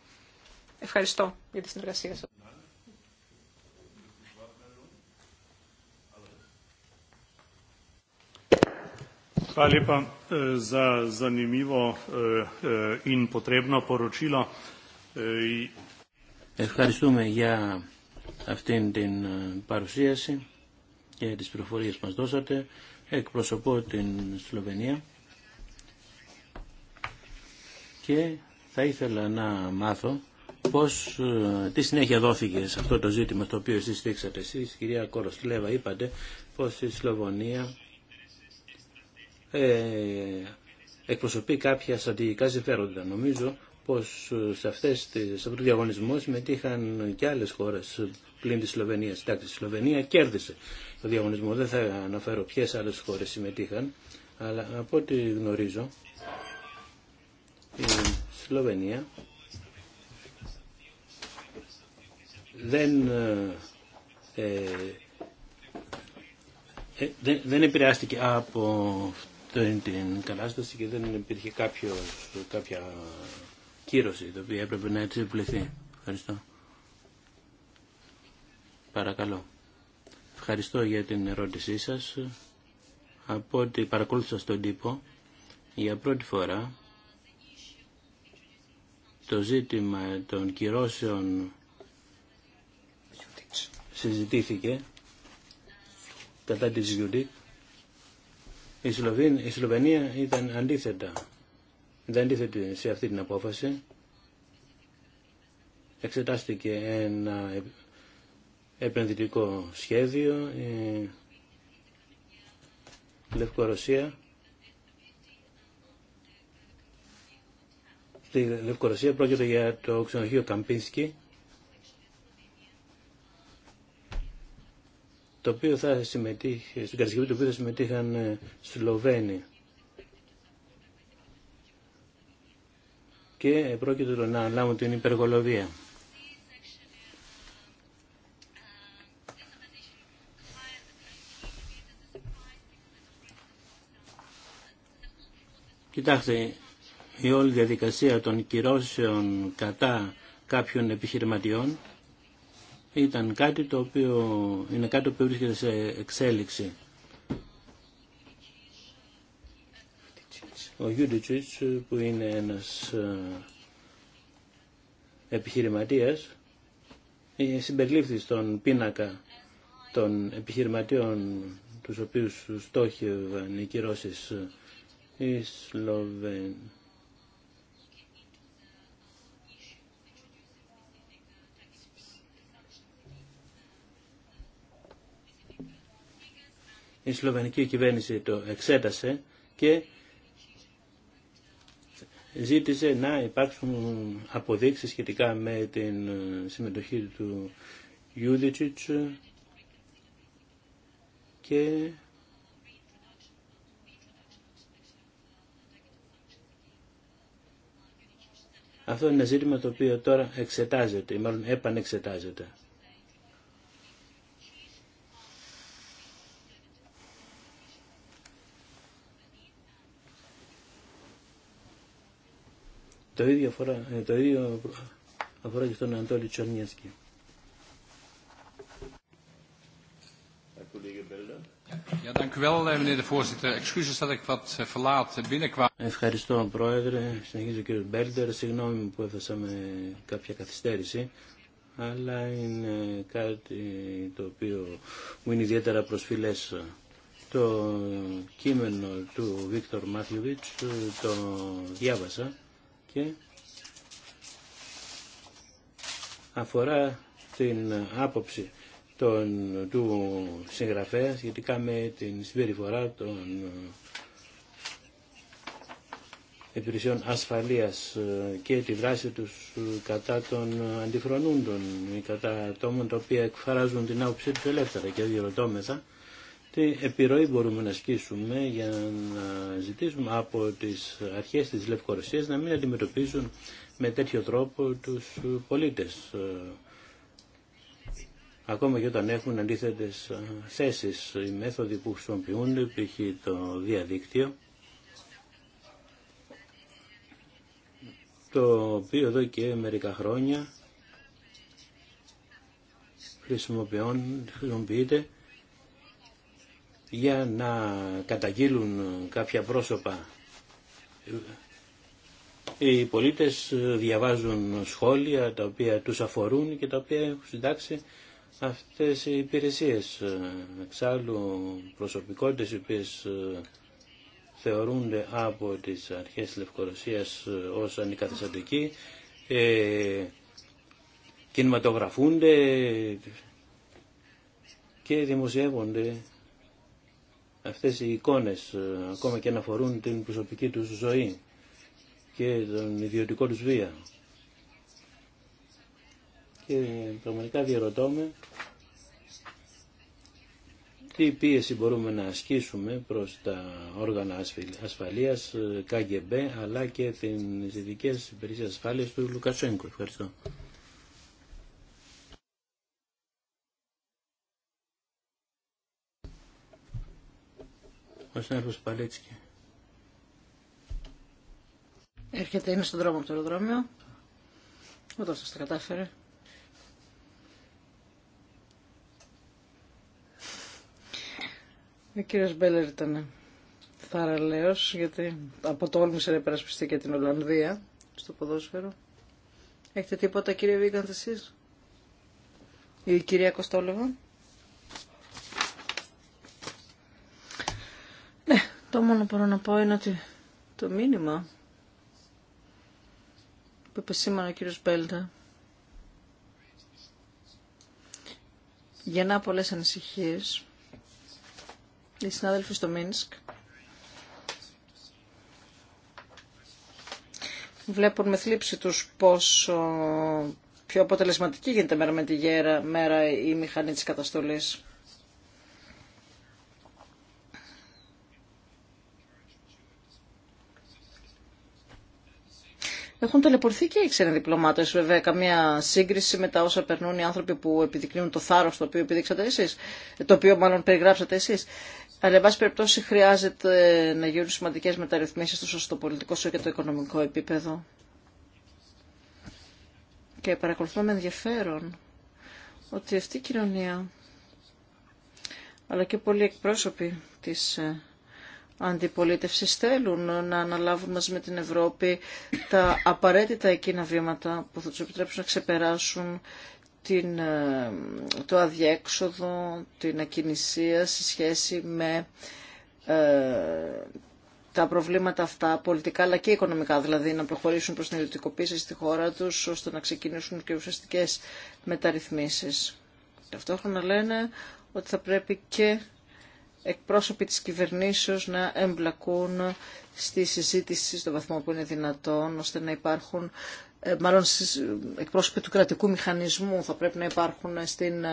Ευχαριστώ για τη συνεργασία σας. Hvala lepa eh, za zanimivo eh, eh, in potrebno poročilo. Ευχαριστούμε για αυτήν την ε, παρουσίαση και τις προφορίες που μας δώσατε. Εκπροσωπώ την Σλοβενία και θα ήθελα να μάθω πώς, ε, τι συνέχεια δόθηκε σε αυτό το ζήτημα το οποίο εσείς δείξατε. εσείς. Κυρία Κοροστλέβα είπατε πως η Σλοβονία ε, εκπροσωπεί κάποια στρατηγικά συμφέροντα. Νομίζω πως ε, σε, αυτές σε αυτό το διαγωνισμό συμμετείχαν και άλλες χώρες πλην της Σλοβενίας. Εντάξει, η Σλοβενία κέρδισε το διαγωνισμό. Δεν θα αναφέρω ποιες άλλες χώρες συμμετείχαν, αλλά από ό,τι γνωρίζω στην ε, Σλοβενία δεν, ε, ε, δεν, δεν επηρεάστηκε από την, την κατάσταση και δεν υπήρχε κάποιο κάποια κύρωση το οποία έπρεπε να έτσι Ευχαριστώ. Παρακαλώ. Ευχαριστώ για την ερώτησή σας. Από ότι παρακολούθησα στον τύπο για πρώτη φορά το ζήτημα των κυρώσεων συζητήθηκε κατά τη Γιουντίκ. Η, Σλοβενία ήταν αντίθετα. Ήταν αντίθετη σε αυτή την απόφαση. Εξετάστηκε ένα επενδυτικό σχέδιο. Η Λευκορωσία Στη Λευκορωσία πρόκειται για το ξενοδοχείο Καμπίνσκι, το οποίο θα συμμετείχε, στην κατασκευή του οποίου θα συμμετείχαν ε, Σλοβαίνοι. Και ε, πρόκειται να λάβουν την υπεργολοβία. Κοιτάξτε, η όλη διαδικασία των κυρώσεων κατά κάποιων επιχειρηματιών ήταν κάτι το οποίο είναι κάτι που βρίσκεται σε εξέλιξη. Ο Γιούντιτσιτς που είναι ένας ε, επιχειρηματίας ε, συμπεριλήφθη στον πίνακα των επιχειρηματίων τους οποίους στόχευαν οι κυρώσεις ε, οι η Σλοβενική κυβέρνηση το εξέτασε και ζήτησε να υπάρξουν αποδείξεις σχετικά με την ε, συμμετοχή του Ιουδιτσιτς και αυτό είναι ένα ζήτημα το οποίο τώρα εξετάζεται ή μάλλον επανεξετάζεται. Το ίδιο αφορά, ε, το ίδιο αφορά και στον Αντώλη Τσορνιέσκη. Eh, eh, eh, Ευχαριστώ Πρόεδρε, Συνεχίζω, κύριε κύριος Μπέλντερ, συγγνώμη που έφτασα με κάποια καθυστέρηση, αλλά είναι κάτι το οποίο μου είναι ιδιαίτερα προσφυλές. Το κείμενο του Βίκτορ Μάθιουβιτς το διάβασα και αφορά την άποψη των, του συγγραφέα σχετικά με την συμπεριφορά των υπηρεσιών ασφαλείας και τη δράση τους κατά των αντιφρονούντων ή κατά ατόμων τα οποία εκφράζουν την άποψή τους ελεύθερα και διερωτώμεθα τι επιρροή μπορούμε να ασκήσουμε για να ζητήσουμε από τις αρχές της Λευκορωσίας να μην αντιμετωπίζουν με τέτοιο τρόπο τους πολίτες. Ε, ακόμα και όταν έχουν αντίθετες ε, θέσεις, οι μέθοδοι που χρησιμοποιούν, π.χ. το διαδίκτυο, το οποίο εδώ και μερικά χρόνια χρησιμοποιείται για να καταγγείλουν κάποια πρόσωπα. Οι πολίτες διαβάζουν σχόλια τα οποία τους αφορούν και τα οποία έχουν συντάξει αυτές οι υπηρεσίες. Εξάλλου προσωπικότητες οι οποίες θεωρούνται από τις αρχές της Λευκορωσίας ως ανικαθεστατικοί, ε, κινηματογραφούνται και δημοσιεύονται αυτές οι εικόνες ε, ακόμα και να αφορούν την προσωπική τους ζωή και τον ιδιωτικό τους βία. Και πραγματικά διαρωτώ με τι πίεση μπορούμε να ασκήσουμε προς τα όργανα ασφαλείας, ε, ΚΑΓΕΜΠΕ, αλλά και τις ειδικές υπηρεσίες ασφάλειας του Λουκασέγκου. Ευχαριστώ. Ο συνάδελφος Έρχεται, είναι στον δρόμο από το αεροδρόμιο. Ούτε αυτός τα κατάφερε. Ο κύριος Μπέλερ ήταν θαραλέος, γιατί από το όλμησε να υπερασπιστεί και την Ολλανδία στο ποδόσφαιρο. Έχετε τίποτα κύριε Βίγκαντ εσείς? Η κυρία Κωστόλεβα. Το μόνο μπορώ να πω είναι ότι το μήνυμα που είπε σήμερα ο κύριος Μπέλτα γεννά πολλές ανησυχίες. Οι συνάδελφοι στο Μίνσκ βλέπουν με θλίψη τους πόσο πιο αποτελεσματική γίνεται μέρα με τη γέρα, μέρα η μηχανή της καταστολής. έχουν τελεπορθεί και οι ξένοι διπλωμάτε. Βέβαια, καμία σύγκριση με τα όσα περνούν οι άνθρωποι που επιδεικνύουν το θάρρο το οποίο επιδείξατε εσεί, το οποίο μάλλον περιγράψατε εσεί. Αλλά, εν πάση περιπτώσει, χρειάζεται να γίνουν σημαντικέ μεταρρυθμίσει τόσο στο πολιτικό όσο και το οικονομικό επίπεδο. Και παρακολουθούμε με ενδιαφέρον ότι αυτή η κοινωνία αλλά και πολλοί εκπρόσωποι της ε, αντιπολίτευση θέλουν να αναλάβουν μαζί με την Ευρώπη τα απαραίτητα εκείνα βήματα που θα τους επιτρέψουν να ξεπεράσουν την, ε, το αδιέξοδο, την ακινησία σε σχέση με ε, τα προβλήματα αυτά πολιτικά αλλά και οικονομικά, δηλαδή να προχωρήσουν προς την ιδιωτικοποίηση στη χώρα τους ώστε να ξεκινήσουν και ουσιαστικές μεταρρυθμίσεις. Ταυτόχρονα λένε ότι θα πρέπει και εκπρόσωποι της κυβερνήσεως να εμπλακούν στη συζήτηση στο βαθμό που είναι δυνατόν, ώστε να υπάρχουν, ε, μάλλον ε, εκπρόσωποι του κρατικού μηχανισμού θα πρέπει να υπάρχουν στην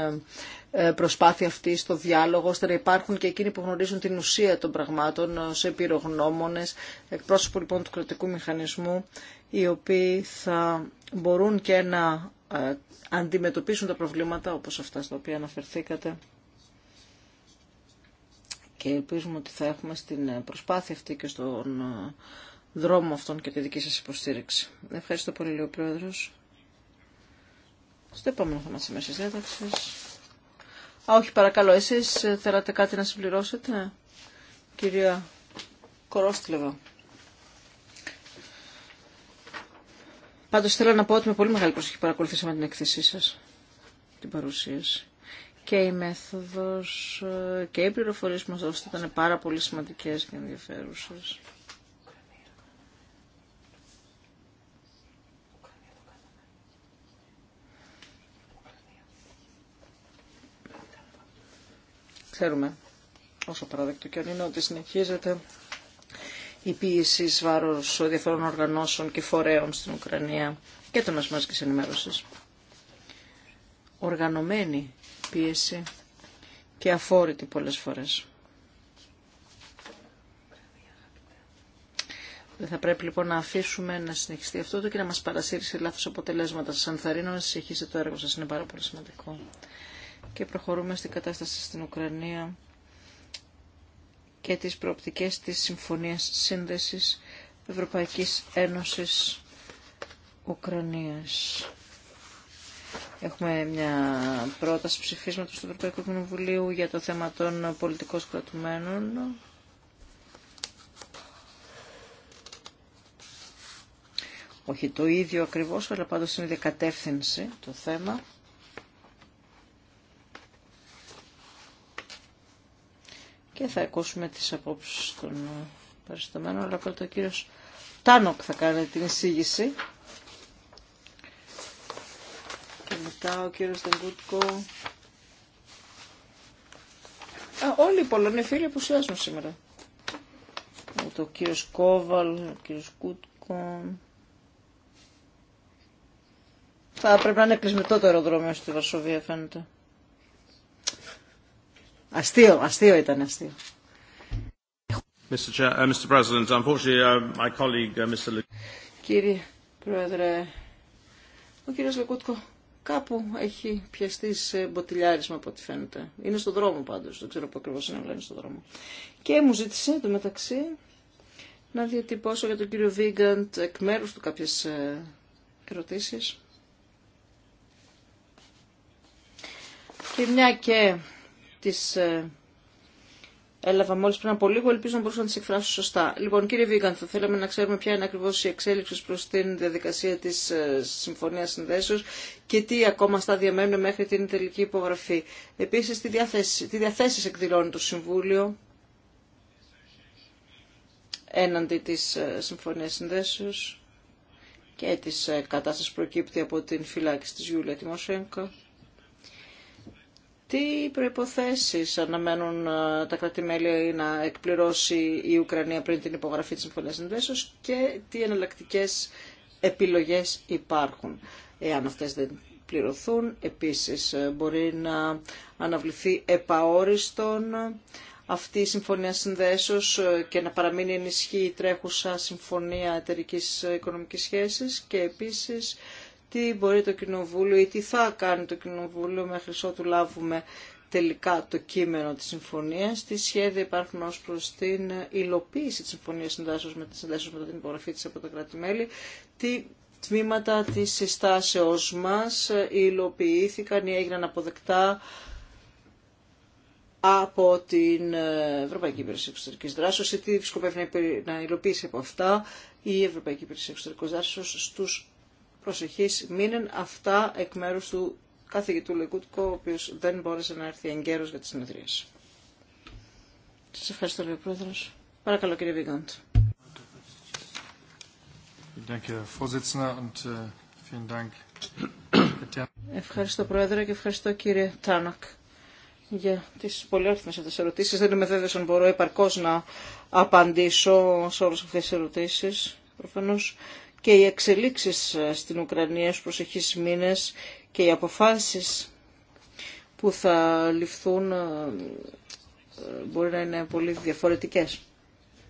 ε, προσπάθεια αυτή, στο διάλογο, ώστε να υπάρχουν και εκείνοι που γνωρίζουν την ουσία των πραγμάτων σε πυρογνώμονες, εκπρόσωποι λοιπόν του κρατικού μηχανισμού, οι οποίοι θα μπορούν και να αντιμετωπίσουν τα προβλήματα όπως αυτά στα οποία αναφερθήκατε και ελπίζουμε ότι θα έχουμε στην ε, προσπάθεια αυτή και στον ε, δρόμο αυτόν και τη δική σας υποστήριξη. Ευχαριστώ πολύ, λέει ο Πρόεδρος. Στο επόμενο θέμα της μέσης διάταξης. Α, όχι, παρακαλώ, εσείς ε, θέλατε κάτι να συμπληρώσετε, κυρία Κορόστλεβα. Πάντως θέλω να πω ότι με πολύ μεγάλη προσοχή παρακολουθήσαμε την εκθεσή σας, την παρουσίαση και η μέθοδος και οι πληροφορίες που μας δώσετε ήταν πάρα πολύ σημαντικές και ενδιαφέρουσες. Ξέρουμε, όσο παραδεκτό και αν είναι, ότι συνεχίζεται η ποιήση βάρος διαφορών οργανώσεων και φορέων στην Ουκρανία και των και ενημέρωσης. Οργανωμένη πίεση και αφόρητη πολλές φορές. Δεν θα πρέπει λοιπόν να αφήσουμε να συνεχιστεί αυτό το και να μας παρασύρει σε λάθος αποτελέσματα. Σας ανθαρρύνω να συνεχίσετε το έργο σας, είναι πάρα πολύ σημαντικό. Και προχωρούμε στην κατάσταση στην Ουκρανία και τις προοπτικές της Συμφωνίας Σύνδεσης Ευρωπαϊκής Ένωσης Ουκρανίας. Έχουμε μια πρόταση ψηφίσματος του Ευρωπαϊκού Κοινοβουλίου για το θέμα των πολιτικών κρατουμένων. Όχι το ίδιο ακριβώς, αλλά πάντως είναι κατεύθυνση το θέμα. Και θα ακούσουμε τις απόψεις των παριστομένων, αλλά πρώτα ο κύριος Τάνοκ θα κάνει την εισήγηση. Μετά ο κύριος Α, όλοι οι Πολωνοί φίλοι απουσιάζουν σήμερα. Ο κύριος Κόβαλ, ο κύριος Κούτκο. Θα πρέπει να είναι κλεισμετό το αεροδρόμιο στη Βαρσοβία φαίνεται. Αστείο, αστείο ήταν αστείο. Mr Mr. Uh, uh, colleague, uh, Κύριε Πρόεδρε, ο κύριος Λεκούτκο Κάπου έχει πιαστεί σε μποτιλιάρισμα από ό,τι φαίνεται. Είναι στον δρόμο πάντως, δεν ξέρω πού ακριβώς είναι, αλλά είναι στον δρόμο. Και μου ζήτησε το μεταξύ να διατυπώσω για τον κύριο Βίγκαντ εκ μέρους του κάποιες ε, ερωτήσεις. Και μια και τις ε, έλαβα μόλι πριν από λίγο. Ελπίζω να μπορούσα να τι εκφράσω σωστά. Λοιπόν, κύριε Βίγκαν, θα θέλαμε να ξέρουμε ποια είναι ακριβώ η εξέλιξη προ την διαδικασία τη ε, Συμφωνία Συνδέσεω και τι ακόμα στάδια μένουν μέχρι την τελική υπογραφή. Επίση, τι, διαθέσει εκδηλώνει το Συμβούλιο έναντι τη ε, Συμφωνία Συνδέσεω και τη ε, κατάσταση προκύπτει από την φυλάκιση τη Γιούλια Τιμοσέγκα. Τι προϋποθέσεις αναμένουν ε, τα κράτη-μέλη να εκπληρώσει η Ουκρανία πριν την υπογραφή της Συμφωνίας Συνδέσεως και τι εναλλακτικέ επιλογές υπάρχουν. Εάν αυτές δεν πληρωθούν, επίσης ε, μπορεί να αναβληθεί επαόριστον αυτή η Συμφωνία Συνδέσεως ε, και να παραμείνει ενισχύει η τρέχουσα Συμφωνία Εταιρικής Οικονομικής Σχέσης και επίσης τι μπορεί το Κοινοβούλιο ή τι θα κάνει το Κοινοβούλιο μέχρι ότου λάβουμε τελικά το κείμενο της συμφωνίας, τι σχέδια υπάρχουν ως προς την υλοποίηση της συμφωνίας συντάσεως με, συντάσεως με την υπογραφή της από τα κράτη-μέλη, τι τμήματα της συστάσεώς μας υλοποιήθηκαν ή έγιναν αποδεκτά από την Ευρωπαϊκή Υπηρεσία Εξωτερική Δράσεω ή τι σκοπεύει να υλοποιήσει από αυτά η Ευρωπαϊκή Υπηρεσία Εξωτερική Δράσεω στου προσοχής μείνουν αυτά εκ μέρους του καθηγητού Λεκούτικο ο οποίος δεν μπόρεσε να έρθει εγκαίρως για τις συνεδρίες. Σας ευχαριστώ, κύριε Πρόεδρος. Παρακαλώ, κύριε Βίγκαντ. Eh, ευχαριστώ, Πρόεδρε, και ευχαριστώ, κύριε Τάνακ, για τις πολυόρθμες αυτέ ερωτήσεις. Δεν είμαι βέβαιος αν μπορώ επαρκώς να απαντήσω σε όλες αυτές τις ερωτήσεις. Προφανώς και οι εξελίξεις ε, στην Ουκρανία στους προσεχείς μήνες και οι αποφάσεις που θα ληφθούν ε, ε, μπορεί να είναι πολύ διαφορετικές.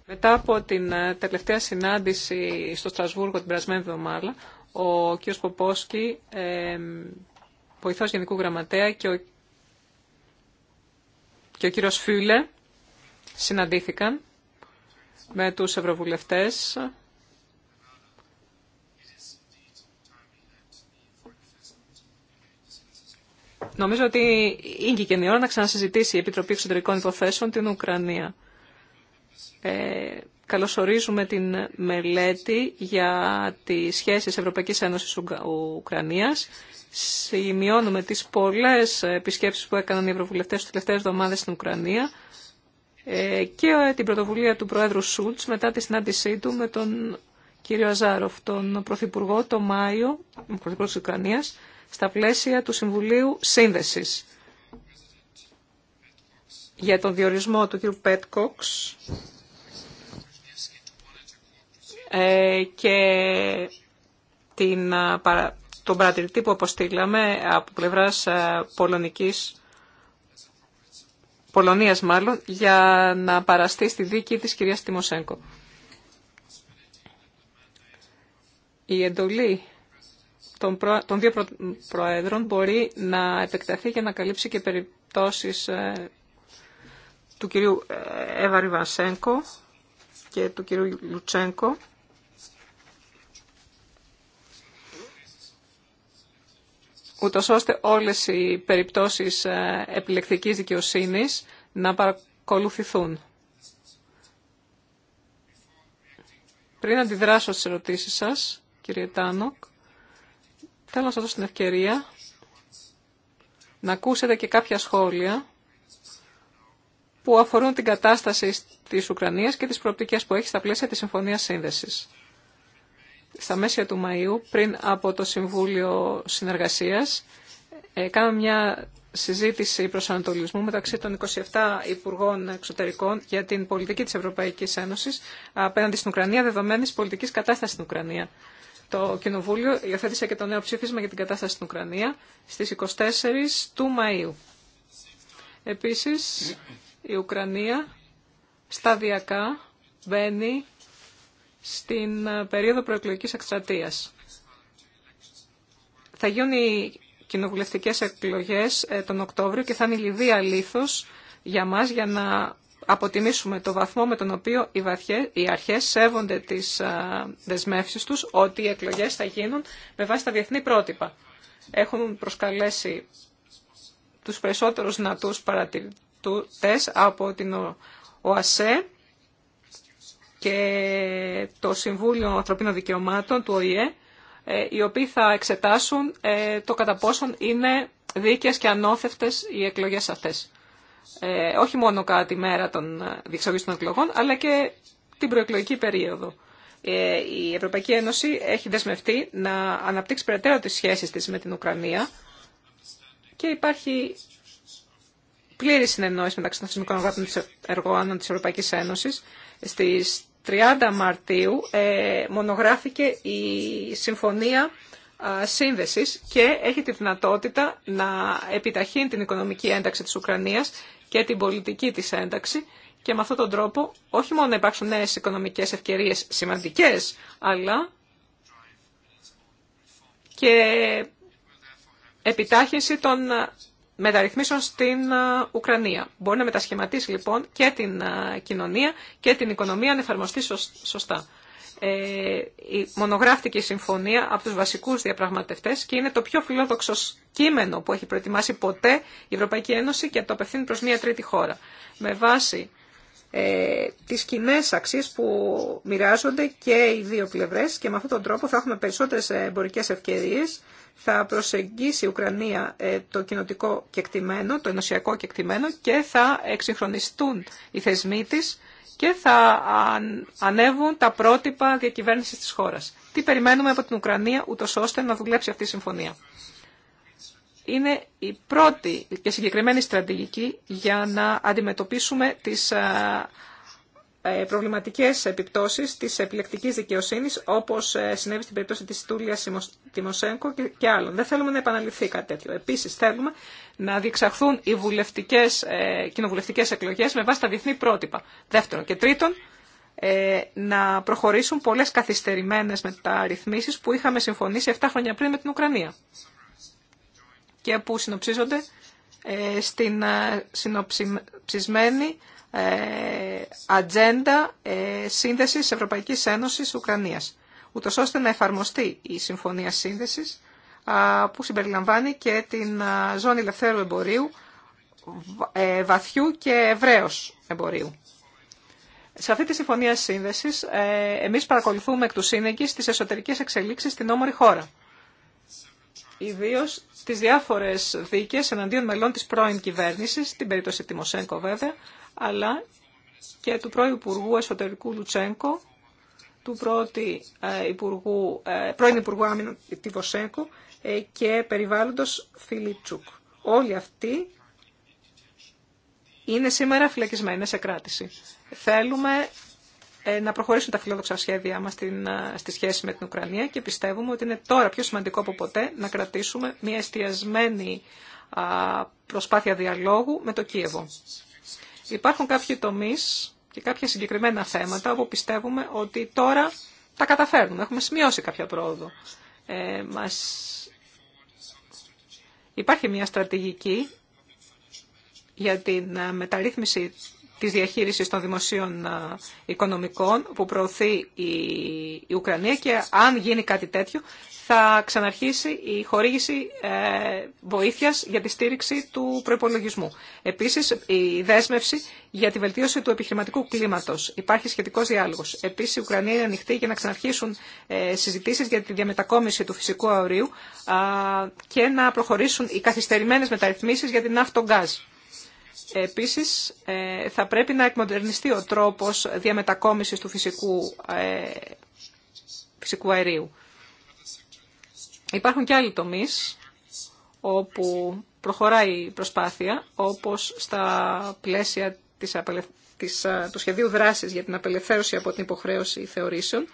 Μετά από την τελευταία συνάντηση στο Στρασβούργο την περασμένη εβδομάδα, ο κ. Ποπόσκι, ε, Γενικού Γραμματέα και ο, και ο κ. Φιούλε συναντήθηκαν με τους ευρωβουλευτές Νομίζω ότι είναι και η ώρα να ξανασυζητήσει η Επιτροπή Εξωτερικών Υποθέσεων την Ουκρανία. Ε, καλωσορίζουμε την μελέτη για τις σχέσεις Ευρωπαϊκής Ένωσης Ουκρανία. Σημειώνουμε τις πολλές επισκέψεις που έκαναν οι Ευρωβουλευτές τις τελευταίες εβδομάδε στην Ουκρανία ε, και ε, την πρωτοβουλία του Προέδρου Σούλτ μετά τη συνάντησή του με τον κύριο Αζάροφ, τον Πρωθυπουργό, το Μάιο, Πρωθυπουργό της Ουκρανίας, στα πλαίσια του Συμβουλίου Σύνδεσης για τον διορισμό του κ. Πέτκοξ ε, και την, τον παρατηρητή που αποστήλαμε από πλευράς Πολωνικής Πολωνίας μάλλον, για να παραστεί στη δίκη της κυρίας Τιμοσέγκο. Η εντολή των, δύο προέδρων μπορεί να επεκταθεί και να καλύψει και περιπτώσεις ε, του κυρίου ε, Εύαρη Βασένκο και του κυρίου Λουτσένκο. ούτως ώστε όλες οι περιπτώσεις ε, επιλεκτικής δικαιοσύνης να παρακολουθηθούν. Πριν αντιδράσω στις ερωτήσεις σας, κύριε Τάνοκ, Θέλω να σας δώσω την ευκαιρία να ακούσετε και κάποια σχόλια που αφορούν την κατάσταση της Ουκρανίας και τις προοπτικές που έχει στα πλαίσια της Συμφωνίας Σύνδεσης. Στα μέσα του Μαΐου, πριν από το Συμβούλιο Συνεργασίας, ε, κάναμε μια συζήτηση προσανατολισμού μεταξύ των 27 Υπουργών Εξωτερικών για την πολιτική της Ευρωπαϊκής Ένωσης απέναντι στην Ουκρανία, δεδομένης πολιτικής κατάστασης στην Ουκρανία. Το Κοινοβούλιο υιοθέτησε και το νέο ψήφισμα για την κατάσταση στην Ουκρανία στις 24 του Μαΐου. Επίσης, η Ουκρανία σταδιακά μπαίνει στην περίοδο προεκλογικής εκστρατείας. Θα γίνουν οι κοινοβουλευτικές εκλογές ε, τον Οκτώβριο και θα είναι η Λιβύα για μας για να αποτιμήσουμε το βαθμό με τον οποίο οι, βαθιές, αρχές σέβονται τις δεσμεύσεις τους ότι οι εκλογές θα γίνουν με βάση τα διεθνή πρότυπα. Έχουν προσκαλέσει τους περισσότερους νατούς παρατηρητές από την ΟΑΣΕ και το Συμβούλιο Ανθρωπίνων Δικαιωμάτων του ΟΗΕ, ε, οι οποίοι θα εξετάσουν ε, το κατά πόσον είναι δίκαιες και ανώθευτες οι εκλογές αυτές. Ε, όχι μόνο κατά τη μέρα των ε, διεξαγωγής των εκλογών, αλλά και την προεκλογική περίοδο. Ε, η Ευρωπαϊκή Ένωση έχει δεσμευτεί να αναπτύξει περαιτέρω τις σχέσεις της με την Ουκρανία και υπάρχει πλήρη συνεννόηση μεταξύ των θεσμικών εργάτων της εργοάνων της Ευρωπαϊκής Ένωσης. Στις 30 Μαρτίου ε, μονογράφηκε η Συμφωνία σύνδεσης και έχει τη δυνατότητα να επιταχύνει την οικονομική ένταξη της Ουκρανίας και την πολιτική της ένταξη και με αυτόν τον τρόπο όχι μόνο να υπάρξουν νέες οικονομικές ευκαιρίες σημαντικές, αλλά και επιτάχυνση των μεταρρυθμίσεων στην Ουκρανία. Μπορεί να μετασχηματίσει λοιπόν και την κοινωνία και την οικονομία αν εφαρμοστεί σωστά. Ε, μονογράφτηκε η συμφωνία από τους βασικούς διαπραγματευτές και είναι το πιο φιλόδοξο κείμενο που έχει προετοιμάσει ποτέ η Ευρωπαϊκή Ένωση και το απευθύνει προς μια τρίτη χώρα. Με βάση ε, τις κοινέ αξίες που μοιράζονται και οι δύο πλευρές και με αυτόν τον τρόπο θα έχουμε περισσότερες εμπορικές ευκαιρίες. Θα προσεγγίσει η Ουκρανία ε, το κοινοτικό κεκτημένο, το ενωσιακό κεκτημένο και θα εξυγχρονιστούν οι θεσμοί της και θα ανέβουν τα πρότυπα διακυβέρνηση της χώρας. Τι περιμένουμε από την Ουκρανία ούτω ώστε να δουλέψει αυτή η συμφωνία. Είναι η πρώτη και συγκεκριμένη στρατηγική για να αντιμετωπίσουμε τις ε, προβληματικές επιπτώσεις της επιλεκτικής δικαιοσύνης, όπως ε, συνέβη στην περίπτωση της Τούλιας Τιμοσέγκο και άλλων. Δεν θέλουμε να επαναληφθεί κάτι τέτοιο. Επίσης, θέλουμε να διεξαχθούν οι βουλευτικές, ε, κοινοβουλευτικές εκλογές με βάση τα διεθνή πρότυπα. Δεύτερον και τρίτον, να προχωρήσουν πολλές καθυστερημένες μεταρρυθμίσεις που είχαμε συμφωνήσει 7 χρόνια πριν με την Ουκρανία και που συνοψίζονται στην συνοψισμένη ε, ατζέντα ε, σύνδεσης Ευρωπαϊκής Ένωσης Ουκρανίας, ούτως ώστε να εφαρμοστεί η Συμφωνία Σύνδεσης που συμπεριλαμβάνει και την ζώνη ελευθέρου εμπορίου ε, βαθιού και ευρέως εμπορίου. Σε αυτή τη συμφωνία σύνδεσης εμείς παρακολουθούμε εκ του σύνεγγυς τις εσωτερικές εξελίξεις στην όμορη χώρα ιδίω τις διάφορες δίκες εναντίον μελών της πρώην κυβέρνησης, την περίπτωση Τιμοσέγκο βέβαια, αλλά και του πρώην Υπουργού Εσωτερικού Λουτσέγκο, του πρώτη ε, υπουργού, ε, πρώην Υπουργού Άμυνα Τιμωσέγκο ε, και περιβάλλοντος Φιλιτσούκ. Όλοι αυτοί είναι σήμερα φυλακισμένοι, σε κράτηση. Θέλουμε ε, να προχωρήσουν τα φιλόδοξα σχέδιά μας στην, ε, στη σχέση με την Ουκρανία και πιστεύουμε ότι είναι τώρα πιο σημαντικό από ποτέ να κρατήσουμε μια εστιασμένη προσπάθεια διαλόγου με το Κίεβο. Υπάρχουν κάποιοι τομείς και κάποια συγκεκριμένα θέματα όπου πιστεύουμε ότι τώρα τα καταφέρνουμε. Έχουμε σημειώσει κάποια πρόοδο. Ε, μας... Υπάρχει μια στρατηγική για την ε, μεταρρύθμιση της διαχείρισης των δημοσίων ε, οικονομικών που προωθεί η Ουκρανία και αν γίνει κάτι τέτοιο θα ξαναρχίσει η χορήγηση ε, βοήθειας για τη στήριξη του προϋπολογισμού. Επίσης, η δέσμευση για τη βελτίωση του επιχειρηματικού κλίματος. Υπάρχει σχετικός διάλογος. Επίσης, η Ουκρανία είναι ανοιχτή για να ξαναρχίσουν ε, συζητήσεις για τη διαμετακόμιση του φυσικού αερίου και να προχωρήσουν οι καθυστερημένες μεταρρυθμίσεις για την αυτογκάζ. Επίσης, ε, θα πρέπει να εκμοντερνιστεί ο τρόπος διαμετακόμισης του φυσικού, ε, φυσικού αερίου. Υπάρχουν και άλλοι τομείς όπου προχωράει η προσπάθεια, όπως στα πλαίσια της, της, του σχεδίου δράσης για την απελευθέρωση από την υποχρέωση θεωρήσεων,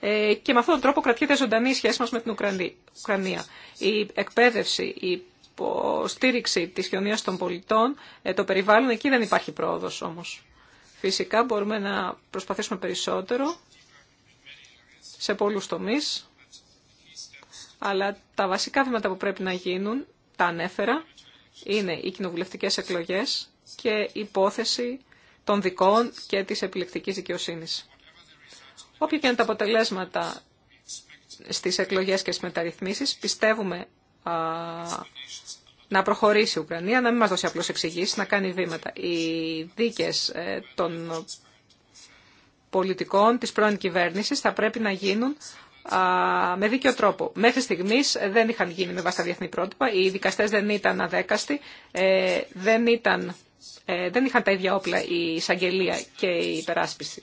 ε, και με αυτόν τον τρόπο κρατιέται ζωντανή η σχέση μας με την Ουκρανία. Η εκπαίδευση, υποστήριξη της κοινωνίας των πολιτών, ε, το περιβάλλον, εκεί δεν υπάρχει πρόοδος όμως. Φυσικά μπορούμε να προσπαθήσουμε περισσότερο σε πολλούς τομείς, αλλά τα βασικά βήματα που πρέπει να γίνουν, τα ανέφερα, είναι οι κοινοβουλευτικές εκλογές και η υπόθεση των δικών και της επιλεκτικής δικαιοσύνης. Όποια και είναι τα αποτελέσματα στις εκλογές και στις μεταρρυθμίσεις, πιστεύουμε να προχωρήσει η Ουκρανία, να μην μας δώσει απλώς εξηγήσει, να κάνει βήματα. Οι δίκες ε, των πολιτικών της πρώην κυβέρνησης θα πρέπει να γίνουν με δίκαιο τρόπο. Μέχρι στιγμής ε, δεν είχαν γίνει με βάση τα διεθνή πρότυπα, οι δικαστές δεν ήταν αδέκαστοι, ε, δεν, ήταν, δεν είχαν τα ίδια όπλα η εισαγγελία και η υπεράσπιση.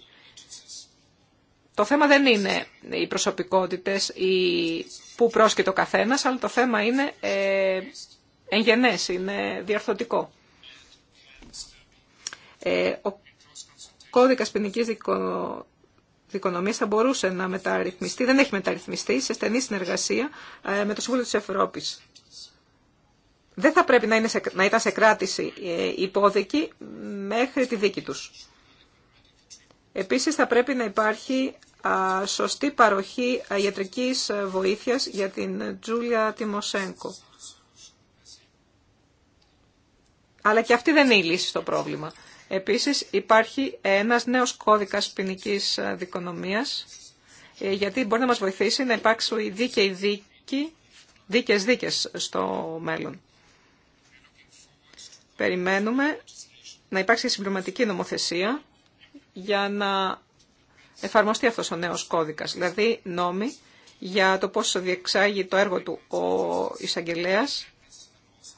Το θέμα δεν είναι οι προσωπικότητες, οι πού πρόσκειται ο καθένα, αλλά το θέμα είναι ε, εγγενές, είναι διαρθωτικό. Ε, ο κώδικας ποινική δικο... θα μπορούσε να μεταρρυθμιστεί, δεν έχει μεταρρυθμιστεί, σε στενή συνεργασία ε, με το Συμβούλιο της Ευρώπης. Δεν θα πρέπει να, είναι να ήταν σε κράτηση ε, μέχρι τη δίκη τους. Επίσης θα πρέπει να υπάρχει σωστή παροχή ιατρικής βοήθειας για την Τζούλια Τιμοσένκο. Αλλά και αυτή δεν είναι η λύση στο πρόβλημα. Επίσης υπάρχει ένας νέος κώδικας ποινική δικονομίας, ε, γιατί μπορεί να μας βοηθήσει να υπάρξουν δίκαιοι δίκη, δίκες δίκες στο μέλλον. Περιμένουμε να υπάρξει συμπληρωματική νομοθεσία για να εφαρμοστεί αυτός ο νέος κώδικας, δηλαδή νόμοι για το πώς διεξάγει το έργο του ο εισαγγελέα,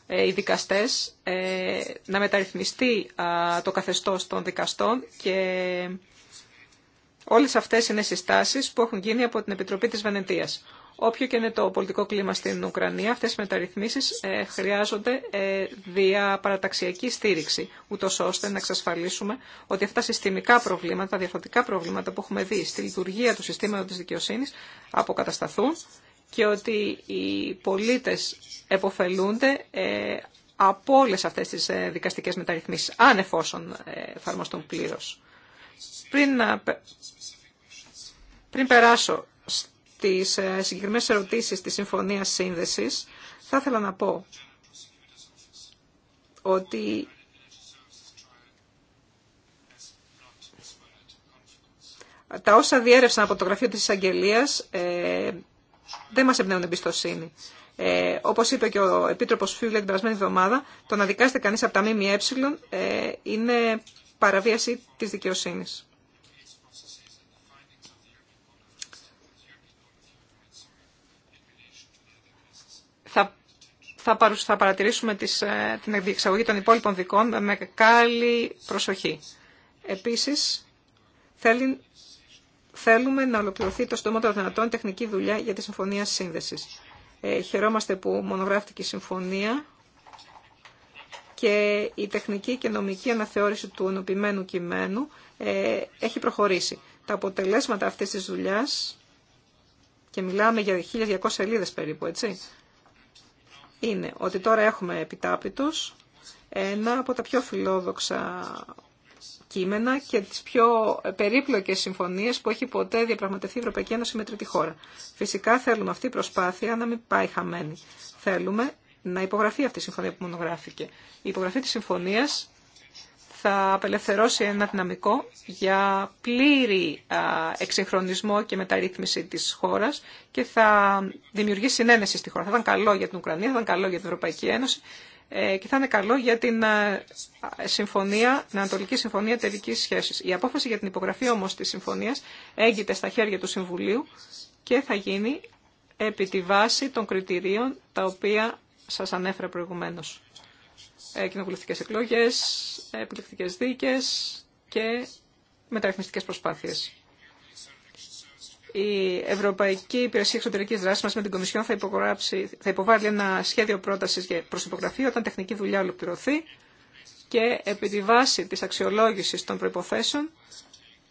ε, οι δικαστές, ε, να μεταρρυθμιστεί το καθεστώς των δικαστών και όλες αυτές είναι συστάσεις που έχουν γίνει από την Επιτροπή της Βενετίας. Όποιο και είναι το πολιτικό κλίμα στην Ουκρανία, αυτές οι μεταρρυθμίσεις ε, χρειάζονται ε, παραταξιακή στήριξη, ούτω ώστε να εξασφαλίσουμε ότι αυτά τα συστημικά προβλήματα, τα διαφορετικά προβλήματα που έχουμε δει στη λειτουργία του συστήματος της δικαιοσύνης αποκατασταθούν και ότι οι πολίτες εποφελούνται ε, από όλε αυτές τις δικαστικέ μεταρρυθμίσει, αν εφόσον εφαρμοστούν πλήρω. Πριν περάσω τις ε, συγκεκριμένες ερωτήσεις της Συμφωνίας Σύνδεσης, θα ήθελα να πω ότι τα όσα διέρευσαν από το γραφείο της εισαγγελία ε, δεν μας εμπνέουν εμπιστοσύνη. Ε, όπως είπε και ο Επίτροπος Φιούλε την περασμένη εβδομάδα, το να δικάζεται κανείς από τα ΜΜΕ ε, είναι παραβίαση της δικαιοσύνης. θα, θα παρατηρήσουμε τις, ε, την εξαγωγή των υπόλοιπων δικών με καλή προσοχή. Επίσης, θέλουμε να ολοκληρωθεί το των δυνατών τεχνική δουλειά για τη Συμφωνία Σύνδεσης. Ε, χαιρόμαστε που μονογράφτηκε η Συμφωνία και η τεχνική και νομική αναθεώρηση του ενωπημένου κειμένου ε, έχει προχωρήσει. Τα αποτελέσματα αυτής της δουλειάς, και μιλάμε για 1.200 σελίδες περίπου, έτσι, είναι ότι τώρα έχουμε επιτάπητος ένα από τα πιο φιλόδοξα κείμενα και τις πιο περίπλοκες συμφωνίες που έχει ποτέ διαπραγματευτεί η Ευρωπαϊκή Ένωση με τρίτη χώρα. Φυσικά θέλουμε αυτή η προσπάθεια να μην πάει χαμένη. Θέλουμε να υπογραφεί αυτή η συμφωνία που μονογράφηκε. Η υπογραφή της συμφωνίας θα απελευθερώσει ένα δυναμικό για πλήρη εξυγχρονισμό και μεταρρύθμιση της χώρας και θα δημιουργήσει συνένεση στη χώρα. Θα ήταν καλό για την Ουκρανία, θα ήταν καλό για την Ευρωπαϊκή Ένωση ε, και θα είναι καλό για την, συμφωνία, την Ανατολική Συμφωνία Τελικής Σχέσης. Η απόφαση για την υπογραφή όμως της συμφωνίας έγκυται στα χέρια του Συμβουλίου και θα γίνει επί τη βάση των κριτηρίων τα οποία σας ανέφερα προηγουμένως. Ε, κοινοβουλευτικές εκλογές, ε, επιλεκτικές δίκες και μεταρρυθμιστικές προσπάθειες. Η Ευρωπαϊκή Υπηρεσία Εξωτερικής Δράσης μας με την Κομισιόν θα, θα υποβάλει ένα σχέδιο πρότασης για υπογραφή όταν τεχνική δουλειά ολοκληρωθεί και επί τη βάση της αξιολόγησης των προϋποθέσεων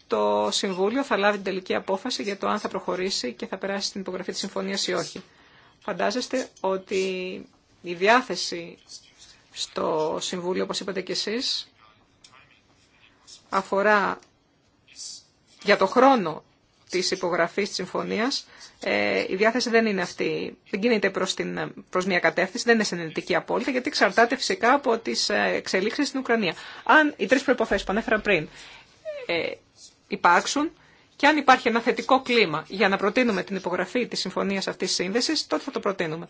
το Συμβούλιο θα λάβει την τελική απόφαση για το αν θα προχωρήσει και θα περάσει στην υπογραφή της συμφωνίας ή όχι. Φαντάζεστε ότι η διάθεση στο Συμβούλιο, όπως είπατε και εσείς, αφορά για το χρόνο της υπογραφής της συμφωνίας. Ε, η διάθεση δεν είναι αυτή, δεν κινείται προς, την, προς μια κατεύθυνση, δεν είναι συνενετική απόλυτα, γιατί εξαρτάται φυσικά από τις ε, εξελίξεις στην Ουκρανία. Αν οι τρεις προϋποθέσεις που ανέφερα πριν ε, υπάρξουν, και αν υπάρχει ένα θετικό κλίμα για να προτείνουμε την υπογραφή της συμφωνίας αυτής της σύνδεσης, τότε θα το προτείνουμε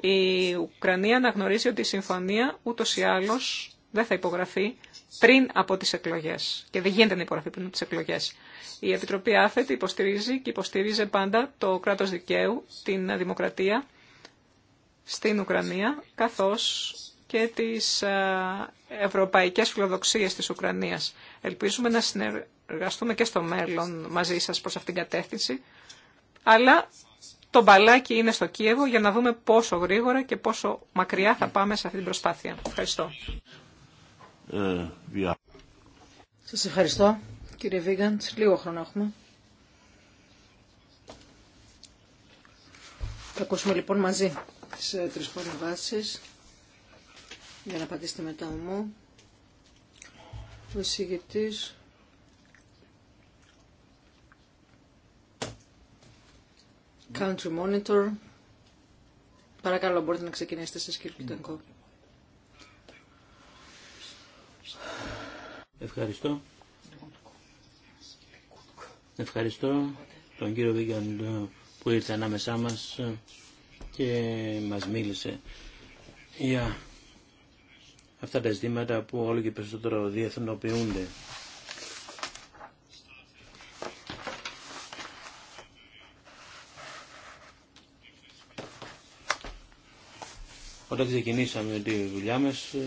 η Ουκρανία να γνωρίζει ότι η συμφωνία ούτω ή άλλως δεν θα υπογραφεί πριν από τις εκλογές και δεν γίνεται να υπογραφεί πριν από τις εκλογές. Η Επιτροπή Άφετη υποστηρίζει και υποστηρίζει πάντα το κράτος δικαίου, την δημοκρατία στην Ουκρανία, καθώς και τις ευρωπαϊκές φιλοδοξίες της Ουκρανίας. Ελπίζουμε να συνεργαστούμε και στο μέλλον μαζί σα προ αυτήν την κατεύθυνση, αλλά το μπαλάκι είναι στο Κίεβο για να δούμε πόσο γρήγορα και πόσο μακριά θα πάμε σε αυτή την προσπάθεια. Ευχαριστώ. Ε, Σας ευχαριστώ κύριε Βίγκαντ. Λίγο χρόνο έχουμε. Θα ακούσουμε λοιπόν μαζί τις ε, τρεις παρεμβάσεις για να απαντήσετε μετά μου. Ο εισηγητής Country Monitor. Παρακαλώ, μπορείτε να ξεκινήσετε εσείς, κύριε τον Ευχαριστώ. Ευχαριστώ τον κύριο Βίγκαν που ήρθε ανάμεσά μας και μας μίλησε για αυτά τα ζητήματα που όλο και περισσότερο διεθνοποιούνται Όταν ξεκινήσαμε τη δουλειά μας ε,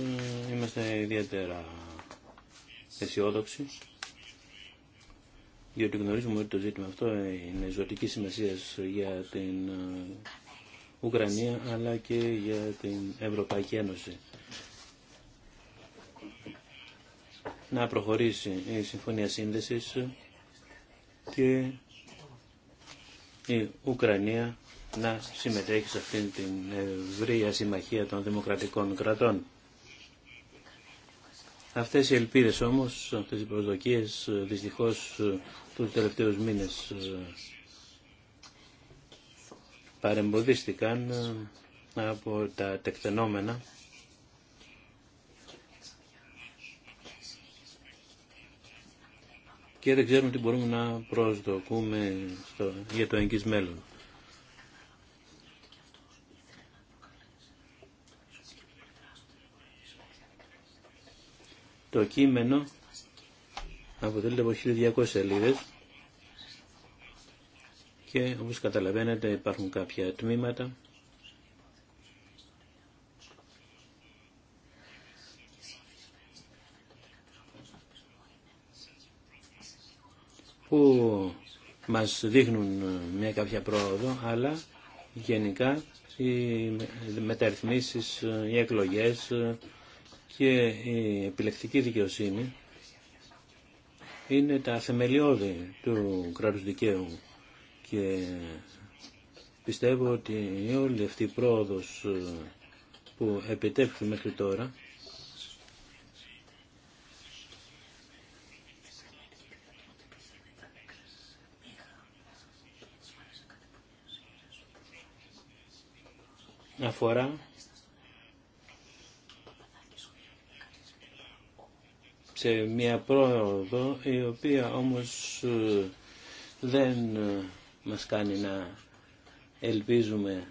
είμαστε ιδιαίτερα αισιόδοξοι διότι γνωρίζουμε ότι το ζήτημα αυτό είναι ζωτική σημασία για την ε, Ουκρανία αλλά και για την Ευρωπαϊκή Ένωση. Να προχωρήσει η Συμφωνία Σύνδεσης και η Ουκρανία να συμμετέχει σε αυτήν την ευρία συμμαχία των δημοκρατικών κρατών. Αυτές οι ελπίδες όμως, αυτές οι προσδοκίες δυστυχώς του τελευταίους μήνες παρεμποδίστηκαν ε, από τα τεκτενόμενα και δεν ξέρουμε τι μπορούμε να προσδοκούμε στο, για το εγγύς μέλλον. Το κείμενο αποτελείται από 1200 σελίδες και όπως καταλαβαίνετε υπάρχουν κάποια τμήματα που μας δείχνουν ε, μια κάποια πρόοδο, αλλά γενικά οι μεταρρυθμίσεις, ε, οι εκλογές, ε, και η επιλεκτική δικαιοσύνη είναι τα θεμελιώδη του κράτους δικαίου και πιστεύω ότι όλη αυτή η πρόοδος ε, που επιτέθηκε μέχρι τώρα αφορά σε μια πρόοδο η οποία όμως ε, δεν ε, μας κάνει να ελπίζουμε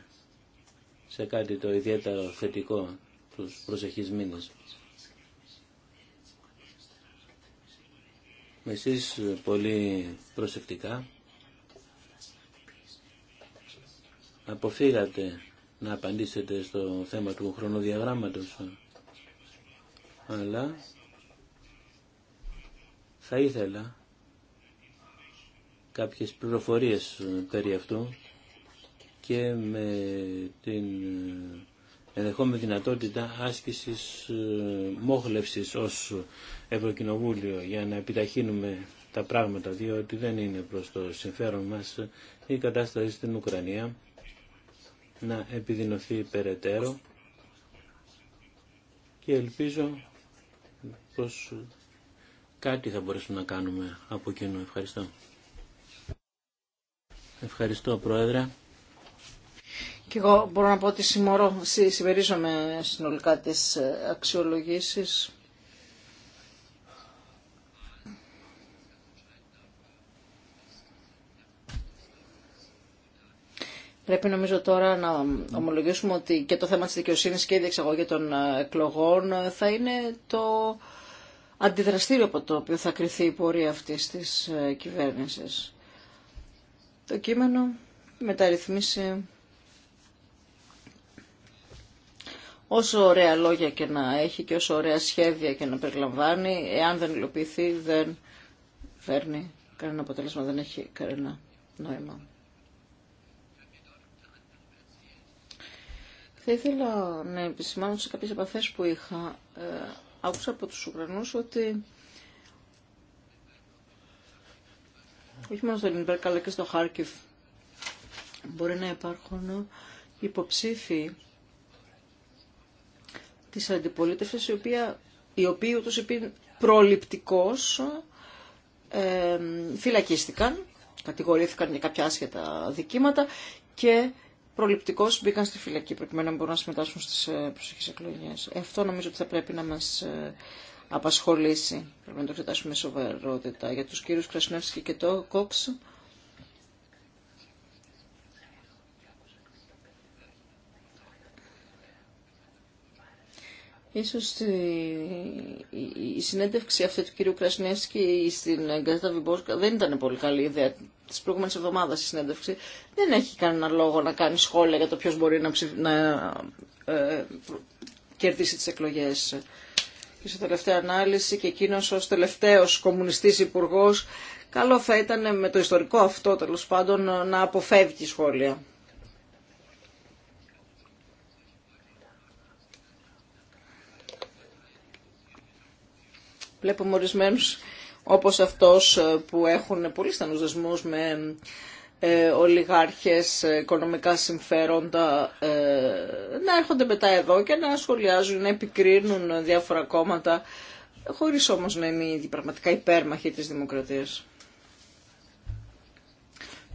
σε κάτι το ιδιαίτερο θετικό τους προσεχείς μήνες. Εσείς ε, πολύ προσεκτικά αποφύγατε να απαντήσετε στο θέμα του χρονοδιαγράμματος αλλά θα ήθελα κάποιες πληροφορίες περί αυτού και με την ενδεχόμενη δυνατότητα άσκησης ε, μόχλευσης ως Ευρωκοινοβούλιο για να επιταχύνουμε τα πράγματα διότι δεν είναι προς το συμφέρον μας η κατάσταση στην Ουκρανία να επιδεινωθεί περαιτέρω και ελπίζω πως κάτι θα μπορέσουμε να κάνουμε από κοινού. Ευχαριστώ. Ευχαριστώ, Πρόεδρε. Και εγώ μπορώ να πω ότι συμμορώ, συμπερίζομαι συνολικά τις ε, αξιολογήσεις. Πρέπει νομίζω τώρα να ομολογήσουμε ότι και το θέμα της δικαιοσύνης και η διεξαγωγή των ε, εκλογών ε, θα είναι το αντιδραστήριο από το οποίο θα κριθεί η πορεία αυτής της ε, κυβέρνησης. Το κείμενο μεταρρυθμίσει όσο ωραία λόγια και να έχει και όσο ωραία σχέδια και να περιλαμβάνει, εάν δεν υλοποιηθεί δεν φέρνει κανένα αποτέλεσμα, δεν έχει κανένα νόημα. Θα ήθελα να επισημάνω σε κάποιες επαφές που είχα ε, άκουσα από τους Ουκρανούς ότι όχι μόνο στο Λινμπέρκ αλλά και στο Χάρκιφ μπορεί να υπάρχουν υποψήφοι της αντιπολίτευσης η οποία, η οποία ούτως είπε προληπτικός ε, φυλακίστηκαν, κατηγορήθηκαν για κάποια άσχετα δικήματα και προληπτικώς μπήκαν στη φυλακή προκειμένου να μπορούν να συμμετάσχουν στις ε, προσεχείς εκλογέ. Ε, αυτό νομίζω ότι θα πρέπει να μας ε, απασχολήσει. Πρέπει να το εξετάσουμε με σοβαρότητα. Για τους κύριους Κρασινεύσκη και το Κόξ Ίσως η συνέντευξη αυτή του κυρίου Κρασνιέσκη στην Γκαζέτα Βιμπόσκα δεν ήταν πολύ καλή ιδέα τη προηγούμενη εβδομάδα η συνέντευξη. Δεν έχει κανένα λόγο να κάνει σχόλια για το ποιο μπορεί να, να ε, κερδίσει τι εκλογέ. Και σε τελευταία ανάλυση και εκείνο ω τελευταίο κομμουνιστή υπουργό, καλό θα ήταν με το ιστορικό αυτό τέλο πάντων να αποφεύγει σχόλια. Βλέπουμε ορισμένου όπως αυτός ε, που έχουν πολύ στενούς δεσμούς με ε, ολιγάρχες, ε, οικονομικά συμφέροντα ε, να έρχονται μετά εδώ και να σχολιάζουν, να επικρίνουν διάφορα κόμματα χωρίς όμως να είναι ήδη πραγματικά υπέρμαχοι της δημοκρατίας.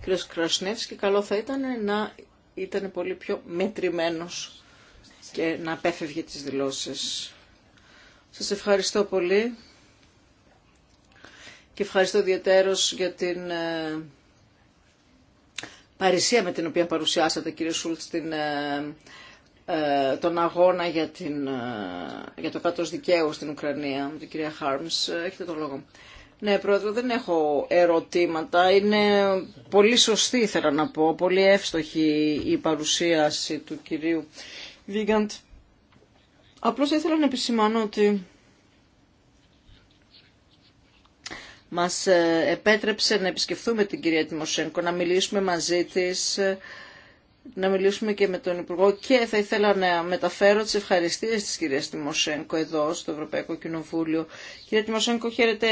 Κύριο Κρασνεύσκη, καλό θα ήταν να ήταν πολύ πιο μετρημένος και να απέφευγε τις δηλώσεις. Σας ευχαριστώ πολύ και ευχαριστώ ιδιαίτερω για την ε, παρουσία με την οποία παρουσιάσατε κύριε Σούλτ, την, ε, ε, τον αγώνα για, την, το κάτω δικαίου στην Ουκρανία με την κυρία Χάρμς. Έχετε το λόγο. Ναι, πρόεδρο, δεν έχω ερωτήματα. Είναι πολύ σωστή, ήθελα να πω, πολύ εύστοχη η παρουσίαση του κυρίου Βίγκαντ. Απλώς ήθελα να επισημάνω ότι μας ε, επέτρεψε να επισκεφθούμε την κυρία Τιμοσένκο, να μιλήσουμε μαζί της, ε, να μιλήσουμε και με τον Υπουργό και θα ήθελα να μεταφέρω τις ευχαριστίες της κυρίας Τιμοσένκο εδώ στο Ευρωπαϊκό Κοινοβούλιο. Κυρία Τιμοσένκο, χαίρετε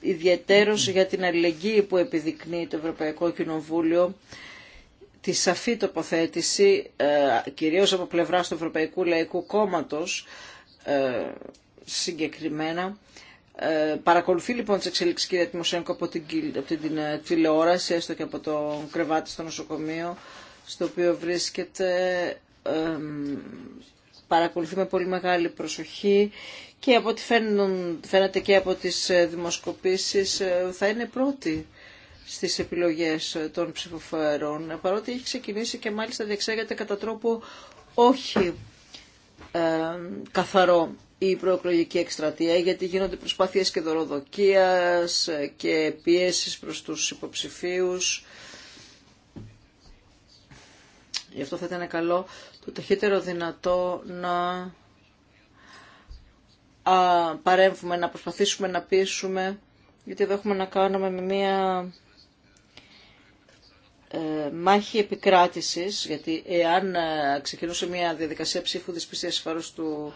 ιδιαίτερος για την αλληλεγγύη που επιδεικνύει το Ευρωπαϊκό Κοινοβούλιο τη σαφή τοποθέτηση, ε, κυρίως από πλευρά του Ευρωπαϊκού Λαϊκού Κόμματος συγκεκριμένα, ε, παρακολουθεί λοιπόν τι εξελίξει κυρία από την, από την ε, τηλεόραση, έστω και από το κρεβάτι στο νοσοκομείο, στο οποίο βρίσκεται. παρακολουθεί με πολύ μεγάλη προσοχή και από ό,τι φαίνεται και από τις ε, δημοσκοπήσεις θα είναι πρώτη στις επιλογές των ψηφοφορών, παρότι έχει ξεκινήσει και μάλιστα διεξάγεται κατά τρόπο όχι καθαρό η προεκλογική εκστρατεία, γιατί γίνονται προσπάθειες και δωροδοκίας και πίεσης προς τους υποψηφίους. Γι' αυτό θα ήταν καλό το ταχύτερο δυνατό να α, παρέμβουμε, να προσπαθήσουμε να πείσουμε, γιατί εδώ έχουμε να κάνουμε με μία ε, μάχη επικράτησης, γιατί εάν ε, ξεκινούσε μία διαδικασία ψήφου δυσπιστίας φαρους του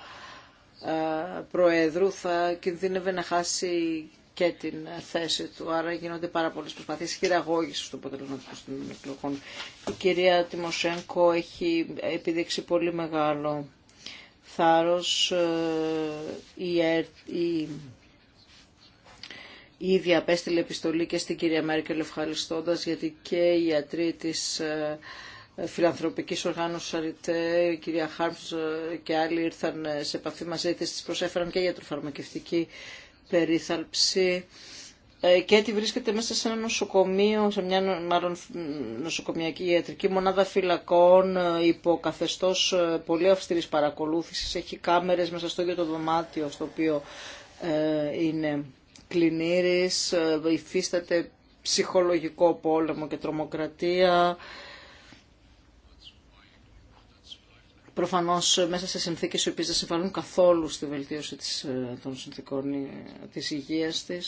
ε, Προέδρου θα κινδύνευε να χάσει και την θέση του. Άρα γίνονται πάρα πολλέ προσπαθίε χειραγώγηση του αποτελεσματικού των εκλογών. Η κυρία Τιμοσέγκο έχει επιδείξει πολύ μεγάλο θάρρος ε, η, η, απέστειλε επιστολή και στην κυρία Μέρκελ ευχαριστώντα γιατί και οι ιατροί της ε, φιλανθρωπικής οργάνωσης Αριτέ, η κυρία Χάρμς ε, και άλλοι ήρθαν ε, σε επαφή μαζί της, της προσέφεραν και γιατροφαρμακευτική περίθαλψη ε, και έτσι βρίσκεται μέσα σε ένα νοσοκομείο, σε μια μάλλον νοσοκομιακή ιατρική μονάδα φυλακών υπό καθεστώς πολύ αυστηρής παρακολούθησης. Έχει κάμερες μέσα στο ίδιο το δωμάτιο στο οποίο είναι κλινήρης, υφίσταται ψυχολογικό πόλεμο και τρομοκρατία. Προφανώ μέσα σε συνθήκε οι οποίε δεν συμβαίνουν καθόλου στη βελτίωση ε, των συνθήκων ε, τη υγεία τη.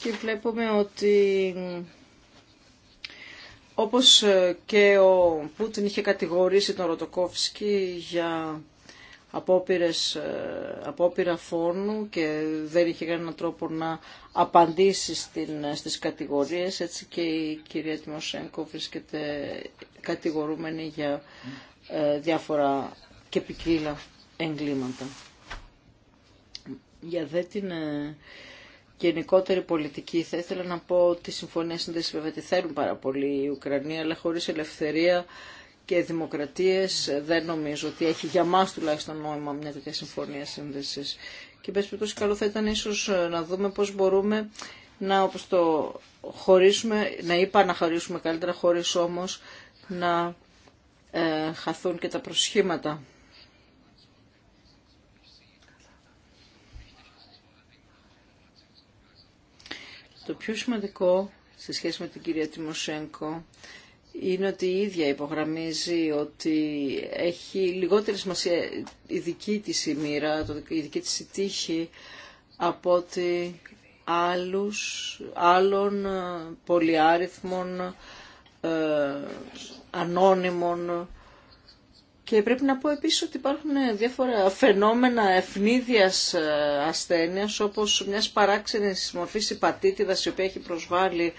Και βλέπουμε ότι όπως και ο Πούτιν είχε κατηγορήσει τον Ροτοκόφσκι για απόπειρες, ε, απόπειρα φόρνου και δεν είχε κανέναν τρόπο να απαντήσει στην, ε, στις κατηγορίες. Έτσι και η κυρία Τιμωσέγκο βρίσκεται κατηγορούμενη για ε, διάφορα και ποικίλα εγκλήματα. Για δε την γενικότερη πολιτική θα ήθελα να πω ότι οι Συμφωνία συνδέσεις βέβαια τη πάρα πολύ η Ουκρανία, αλλά χωρίς ελευθερία και δημοκρατίες. Δεν νομίζω ότι έχει για μας τουλάχιστον νόημα μια τέτοια συμφωνία σύνδεσης. Και πες περιπτώσει καλό θα ήταν ίσως ε, να δούμε πώς μπορούμε να όπως το χωρίσουμε, να είπα να χωρίσουμε καλύτερα χωρίς όμως να ε, χαθούν και τα προσχήματα. Το πιο σημαντικό σε σχέση με την κυρία Τιμοσέγκο είναι ότι η ίδια υπογραμμίζει ότι έχει λιγότερη σημασία η δική της η μοίρα, η δική της η τύχη από ότι άλλους, άλλων ε, πολυάριθμων, ε, ανώνυμων και πρέπει να πω επίσης ότι υπάρχουν διάφορα φαινόμενα ευνίδιας ε, ασθένειας όπως μιας παράξενης μορφής υπατήτηδας η οποία έχει προσβάλει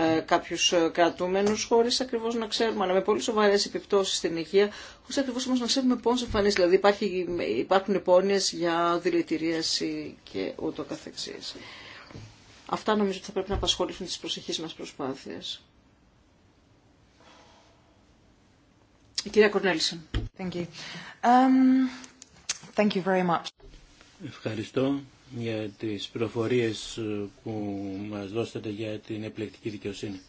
ε, Κάποιου ε, κρατουμένου, χωρί ακριβώς να ξέρουμε, αλλά με πολύ σοβαρέ επιπτώσει στην υγεία, χωρίς ακριβώ όμω να ξέρουμε πώ εμφανίζει. Δηλαδή υπάρχει, υπάρχουν υπόνοιε για δηλητηρίαση και ούτω καθεξή. Αυτά νομίζω ότι θα πρέπει να απασχολήσουν τις προσεχεί μας προσπάθειες. Η κυρία Κορνέλισεν. Thank you. Um, thank you very much. Ευχαριστώ για τις προφορίες ε, που μας δώσατε για την επιλεκτική δικαιοσύνη.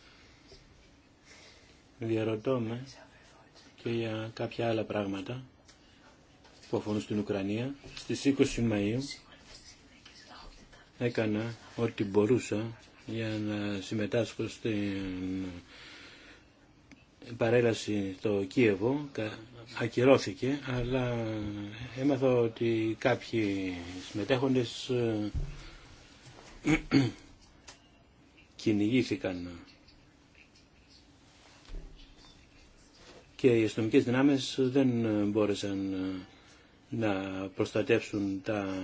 Διαρωτώ με και για κάποια άλλα πράγματα που αφορούν στην Ουκρανία. Στις 20 Μαΐου έκανα ό,τι μπορούσα για να συμμετάσχω στην η παρέλαση στο Κίεβο ακυρώθηκε, αλλά έμαθα ότι κάποιοι συμμετέχοντες ε, [clears throat] κυνηγήθηκαν και οι αστυνομικές δυνάμεις δεν μπόρεσαν ε, να προστατεύσουν τα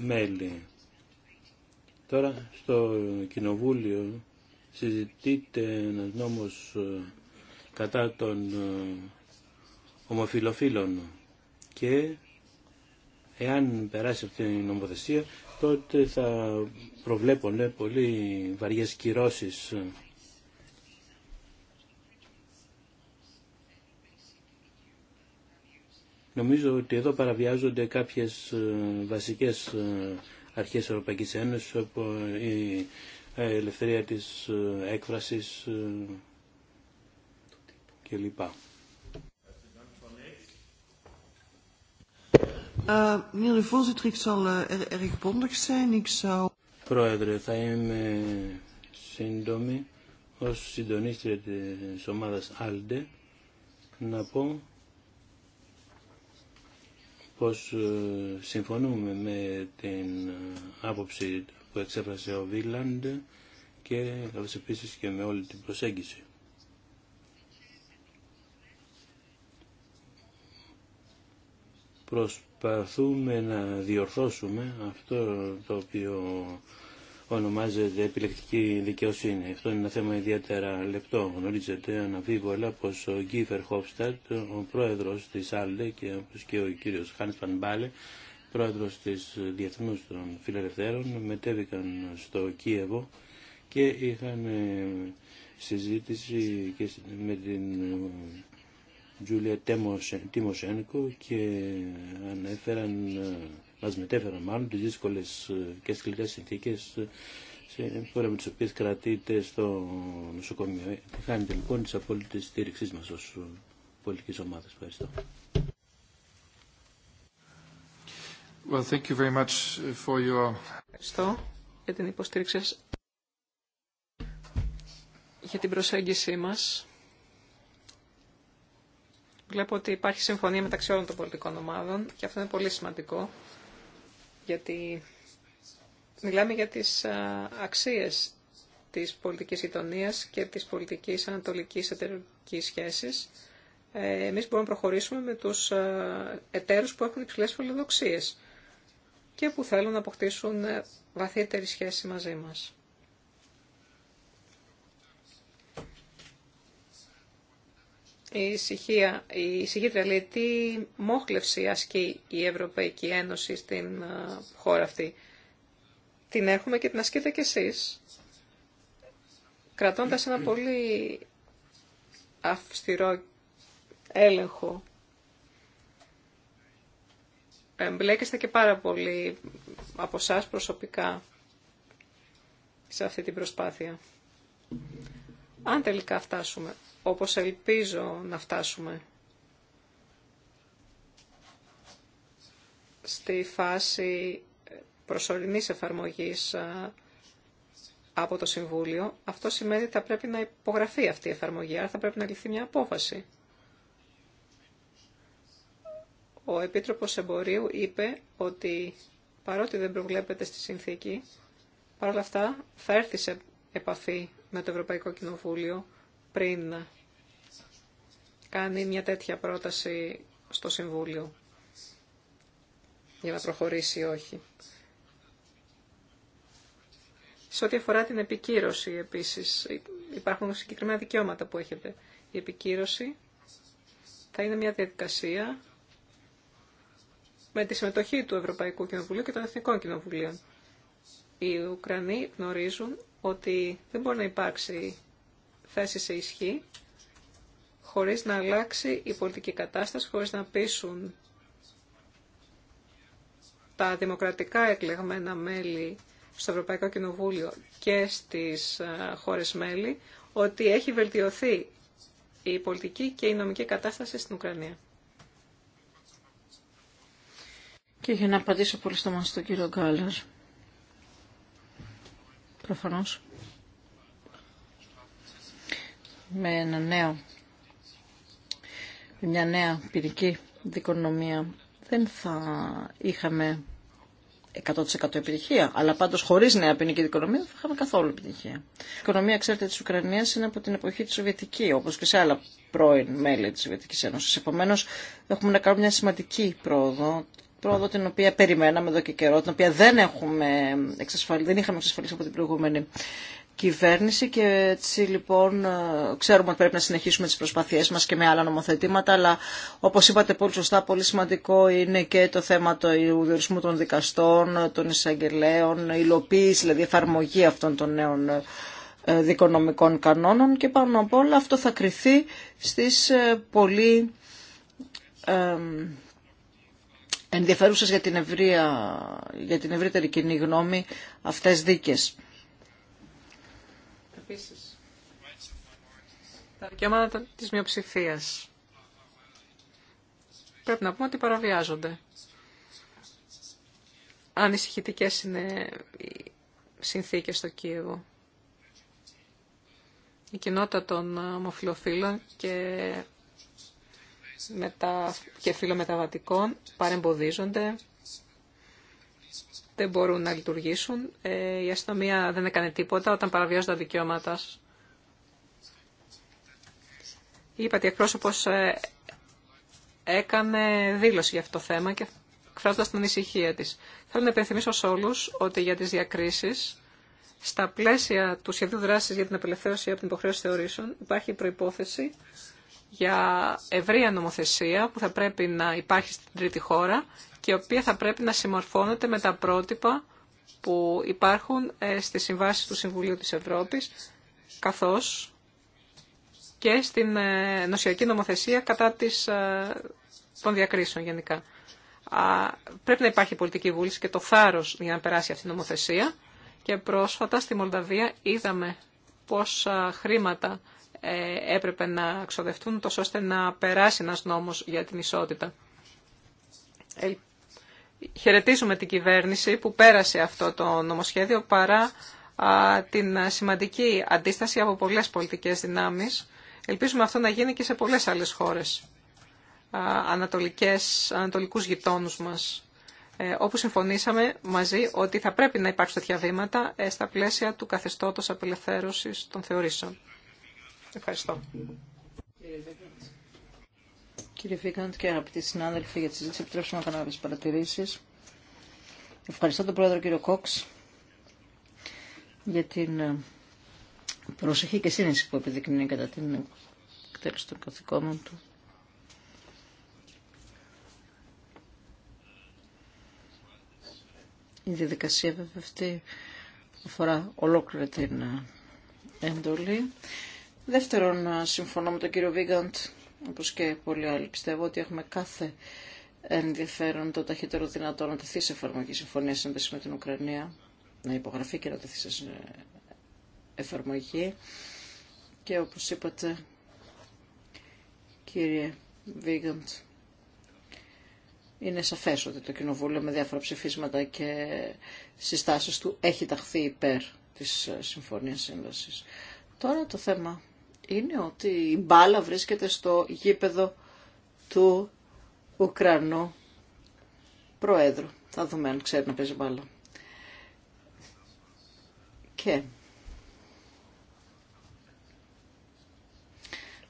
μέλη. Τώρα στο Κοινοβούλιο συζητείται ένας νόμος ε, κατά των ε, ομοφιλοφίλων και εάν περάσει αυτή η νομοθεσία τότε θα προβλέπουν ε, πολύ βαριές κυρώσεις Νομίζω ότι εδώ παραβιάζονται κάποιες ε, βασικές αρχές Ευρωπαϊκής Ένωσης, όπου η ελευθερία της έκφρασης, Πρόεδρε, θα είμαι σύντομη ως συντονίστρια της ομάδας ALDE να πω πως ε, συμφωνούμε με την ε, άποψη που εξέφρασε ο Βίλαντ και καθώς επίσης και με όλη την προσέγγιση. προσπαθούμε να διορθώσουμε αυτό το οποίο ονομάζεται επιλεκτική δικαιοσύνη. Αυτό είναι ένα θέμα ιδιαίτερα λεπτό. Γνωρίζετε αναβίβολα πως ο Γκίφερ Χόφστατ, ο πρόεδρος της Άλντε και όπως και ο κύριος Χάνς Πανμπάλε, πρόεδρος της Διεθνούς των Φιλελευθέρων, μετέβηκαν στο Κίεβο και είχαν συζήτηση με την Τζούλια Τίμοσενκο και ανέφεραν, ε, μας μετέφεραν μάλλον τις δύσκολες ε, και σκληρές συνθήκες ε, σύμφωνα με τις οποίες κρατείται στο νοσοκομείο. Χάνεται λοιπόν της απόλυτης στήριξής μας ως πολιτικής ομάδας. Ευχαριστώ. Well, thank you very much for your... Ευχαριστώ για την υποστήριξη σας, για την προσέγγιση μας Βλέπω ότι υπάρχει συμφωνία μεταξύ όλων των πολιτικών ομάδων και αυτό είναι πολύ σημαντικό, γιατί μιλάμε για τις αξίες της πολιτικής γειτονία και της πολιτικής ανατολικής εταιρικής σχέσης. Ε, εμείς μπορούμε να προχωρήσουμε με τους εταίρους που έχουν υψηλές φιλοδοξίες και που θέλουν να αποκτήσουν ε, βαθύτερη σχέση μαζί μας. Η ησυχία, η ησυχία λέει τι μόχλευση ασκεί η Ευρωπαϊκή Ένωση στην ε, χώρα αυτή. Την έχουμε και την ασκείτε κι εσείς, κρατώντας ένα πολύ αυστηρό έλεγχο. Εμπλέκεστε και πάρα πολύ από εσά προσωπικά σε αυτή την προσπάθεια. Αν τελικά φτάσουμε όπως ελπίζω να φτάσουμε στη φάση προσωρινής εφαρμογής ε, από το Συμβούλιο, αυτό σημαίνει ότι θα πρέπει να υπογραφεί αυτή η εφαρμογή, άρα θα πρέπει να ληφθεί μια απόφαση. Ο Επίτροπος Εμπορίου είπε ότι παρότι δεν προβλέπεται στη συνθήκη, παρόλα αυτά θα έρθει σε επαφή με το Ευρωπαϊκό Κοινοβούλιο πριν κάνει μια τέτοια πρόταση στο Συμβούλιο για να προχωρήσει ή όχι. Σε ό,τι αφορά την επικύρωση επίσης, υπάρχουν συγκεκριμένα δικαιώματα που έχετε. Η επικύρωση θα είναι μια διαδικασία με τη συμμετοχή του Ευρωπαϊκού Κοινοβουλίου και των Εθνικών Κοινοβουλίων. Οι Ουκρανοί γνωρίζουν ότι δεν μπορεί να υπάρξει θέση σε ισχύ, χωρίς να αλλάξει η πολιτική κατάσταση, χωρίς να πείσουν τα δημοκρατικά εκλεγμένα μέλη στο Ευρωπαϊκό Κοινοβούλιο και στις ε, χώρες μέλη, ότι έχει βελτιωθεί η πολιτική και η νομική κατάσταση στην Ουκρανία. Και για να απαντήσω πολύ στο στον κύριο Προφανώς με ένα νέο, μια νέα πυρική δικονομία δεν θα είχαμε 100% επιτυχία, αλλά πάντω χωρί νέα ποινική δικονομία δεν θα είχαμε καθόλου επιτυχία. Η οικονομία, ξέρετε, τη Ουκρανία είναι από την εποχή τη Σοβιετική, όπω και σε άλλα πρώην μέλη τη Σοβιετική Ένωση. Επομένω, έχουμε να κάνουμε μια σημαντική πρόοδο, πρόοδο την οποία περιμέναμε εδώ και καιρό, την οποία δεν, έχουμε δεν είχαμε εξασφαλίσει από την προηγούμενη κυβέρνηση και έτσι λοιπόν ε, ξέρουμε ότι πρέπει να συνεχίσουμε τις προσπαθίες μας και με άλλα νομοθετήματα αλλά όπως είπατε πολύ σωστά πολύ σημαντικό είναι και το θέμα του διορισμού των δικαστών, των εισαγγελέων, υλοποίηση δηλαδή εφαρμογή αυτών των νέων ε, δικονομικών κανόνων και πάνω απ' όλα αυτό θα κριθεί στις ε, πολύ ενδιαφέρουσες για την, ευρία, για την ευρύτερη κοινή γνώμη αυτές δίκες. Επίσης, τα δικαιώματα της μειοψηφία. Πρέπει να πούμε ότι παραβιάζονται. Ανησυχητικές είναι οι συνθήκες στο Κίεβο. Η κοινότητα των ομοφιλοφίλων και, μετα... και φιλομεταβατικών παρεμποδίζονται δεν μπορούν να λειτουργήσουν. Ε, η αστυνομία δεν έκανε τίποτα όταν παραβιάζει τα δικαιώματα. Είπα ότι εκπρόσωπο ε, έκανε δήλωση για αυτό το θέμα και εκφράζοντα την ανησυχία τη. Θέλω να υπενθυμίσω σε όλου ότι για τι διακρίσει, στα πλαίσια του σχεδίου δράση για την απελευθέρωση από την υποχρέωση θεωρήσεων, υπάρχει προπόθεση για ευρία νομοθεσία που θα πρέπει να υπάρχει στην τρίτη χώρα και η οποία θα πρέπει να συμμορφώνεται με τα πρότυπα που υπάρχουν ε, στις συμβάσεις του Συμβουλίου της Ευρώπης, καθώς και στην ε, νοσιακή νομοθεσία κατά της, ε, των διακρίσεων γενικά. Πρέπει να υπάρχει πολιτική βούληση και το θάρρος για να περάσει αυτή η νομοθεσία και πρόσφατα στη Μολδαβία είδαμε πόσα χρήματα έπρεπε να ξοδευτούν τόσο ώστε να περάσει ένας νόμος για την ισότητα χαιρετίζουμε την κυβέρνηση που πέρασε αυτό το νομοσχέδιο παρά την σημαντική αντίσταση από πολλές πολιτικές δυνάμεις. Ελπίζουμε αυτό να γίνει και σε πολλές άλλες χώρες, ανατολικές, ανατολικούς γειτόνους μας, ε, όπου συμφωνήσαμε μαζί ότι θα πρέπει να υπάρξουν τέτοια βήματα ε, στα πλαίσια του καθεστώτος απελευθέρωσης των θεωρήσεων. Ευχαριστώ. Κύριε Φίγκαντ και αγαπητοί συνάδελφοι για τη συζήτηση, επιτρέψτε να κάνω παρατηρήσει. Ευχαριστώ τον πρόεδρο κύριο Κόξ για την ε, προσοχή και σύνεση που επιδεικνύει κατά την εκτέλεση των καθηκόνων του. Η διαδικασία βέβαια αυτή αφορά ολόκληρη την ε, έντολη. Δεύτερον, ε, συμφωνώ με τον κύριο Βίγκαντ όπως και πολλοί άλλοι. Πιστεύω ότι έχουμε κάθε ενδιαφέρον το ταχύτερο δυνατό να τεθεί σε εφαρμογή συμφωνία σύνδεση με την Ουκρανία, να υπογραφεί και να τεθεί σε εφαρμογή. Και όπως είπατε, κύριε Βίγκαντ, είναι σαφές ότι το Κοινοβούλιο με διάφορα ψηφίσματα και συστάσεις του έχει ταχθεί υπέρ της ε, Συμφωνίας Σύνδεσης. Τώρα το θέμα είναι ότι η μπάλα βρίσκεται στο γήπεδο του Ουκρανού Προέδρου. Θα δούμε αν ξέρει να παίζει μπάλα. Και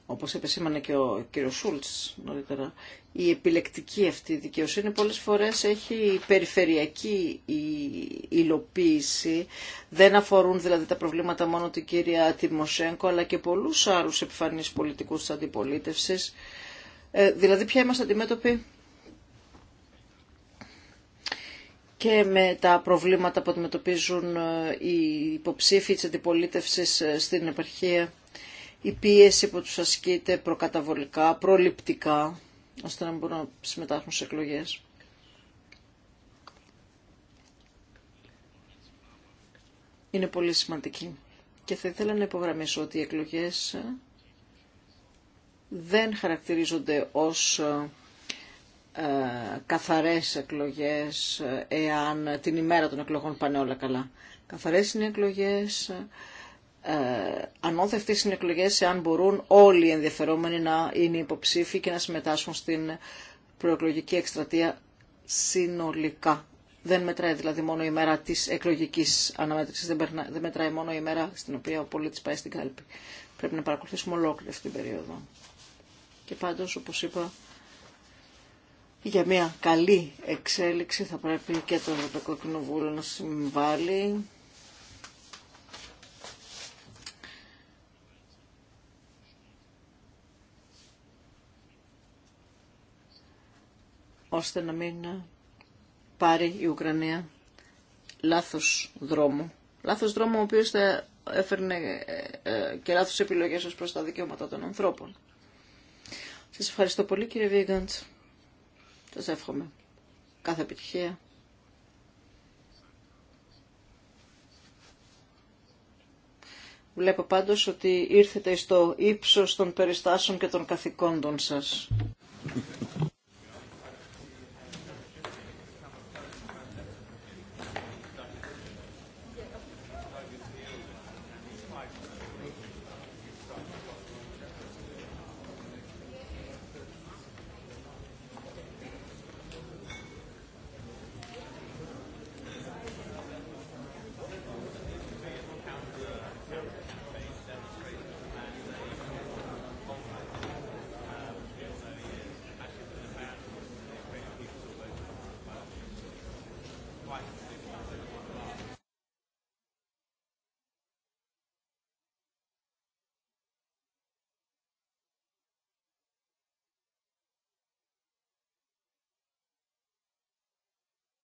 όπως επεσήμανε και ο κ. Σούλτς νωρίτερα, η επιλεκτική αυτή δικαιοσύνη πολλές φορές έχει περιφερειακή υλοποίηση. Δεν αφορούν δηλαδή τα προβλήματα μόνο την κυρία Τιμοσέγκο, αλλά και πολλούς άλλους επιφανείς πολιτικούς της αντιπολίτευσης. Ε, δηλαδή ποια είμαστε αντιμέτωποι και με τα προβλήματα που αντιμετωπίζουν ε, οι υποψήφοι της αντιπολίτευσης ε, στην επαρχία η πίεση που τους ασκείται προκαταβολικά, προληπτικά, ώστε να μπορούν να συμμετάσχουν σε εκλογές. Είναι πολύ σημαντική. Και θα ήθελα να υπογραμμίσω ότι οι εκλογές ε, δεν χαρακτηρίζονται ως ε, ε καθαρές εκλογές ε, εάν την ημέρα των εκλογών πάνε όλα καλά. Καθαρές είναι οι εκλογές ε, ανώθευτες είναι εκλογές εάν μπορούν όλοι οι ενδιαφερόμενοι να είναι υποψήφοι και να συμμετάσχουν στην προεκλογική εκστρατεία συνολικά. Δεν μετράει δηλαδή μόνο η μέρα της εκλογικής αναμέτρησης, δεν, μετράει μόνο η μέρα στην οποία ο πολίτης πάει στην κάλπη. Πρέπει να παρακολουθήσουμε ολόκληρη αυτή την περίοδο. Και πάντως, όπως είπα, για μια καλή εξέλιξη θα πρέπει και το Ευρωπαϊκό Κοινοβούλιο να συμβάλλει ώστε να μην πάρει η Ουκρανία λάθος δρόμο. Λάθος δρόμο ο οποίος θα έφερνε ε, ε, και λάθος επιλογές ως προς τα δικαιώματα των ανθρώπων. Σας ευχαριστώ πολύ κύριε Βίγκαντ. Σας εύχομαι. Κάθε επιτυχία. Βλέπω πάντως ότι ήρθετε στο ύψος των περιστάσεων και των καθηκόντων σας.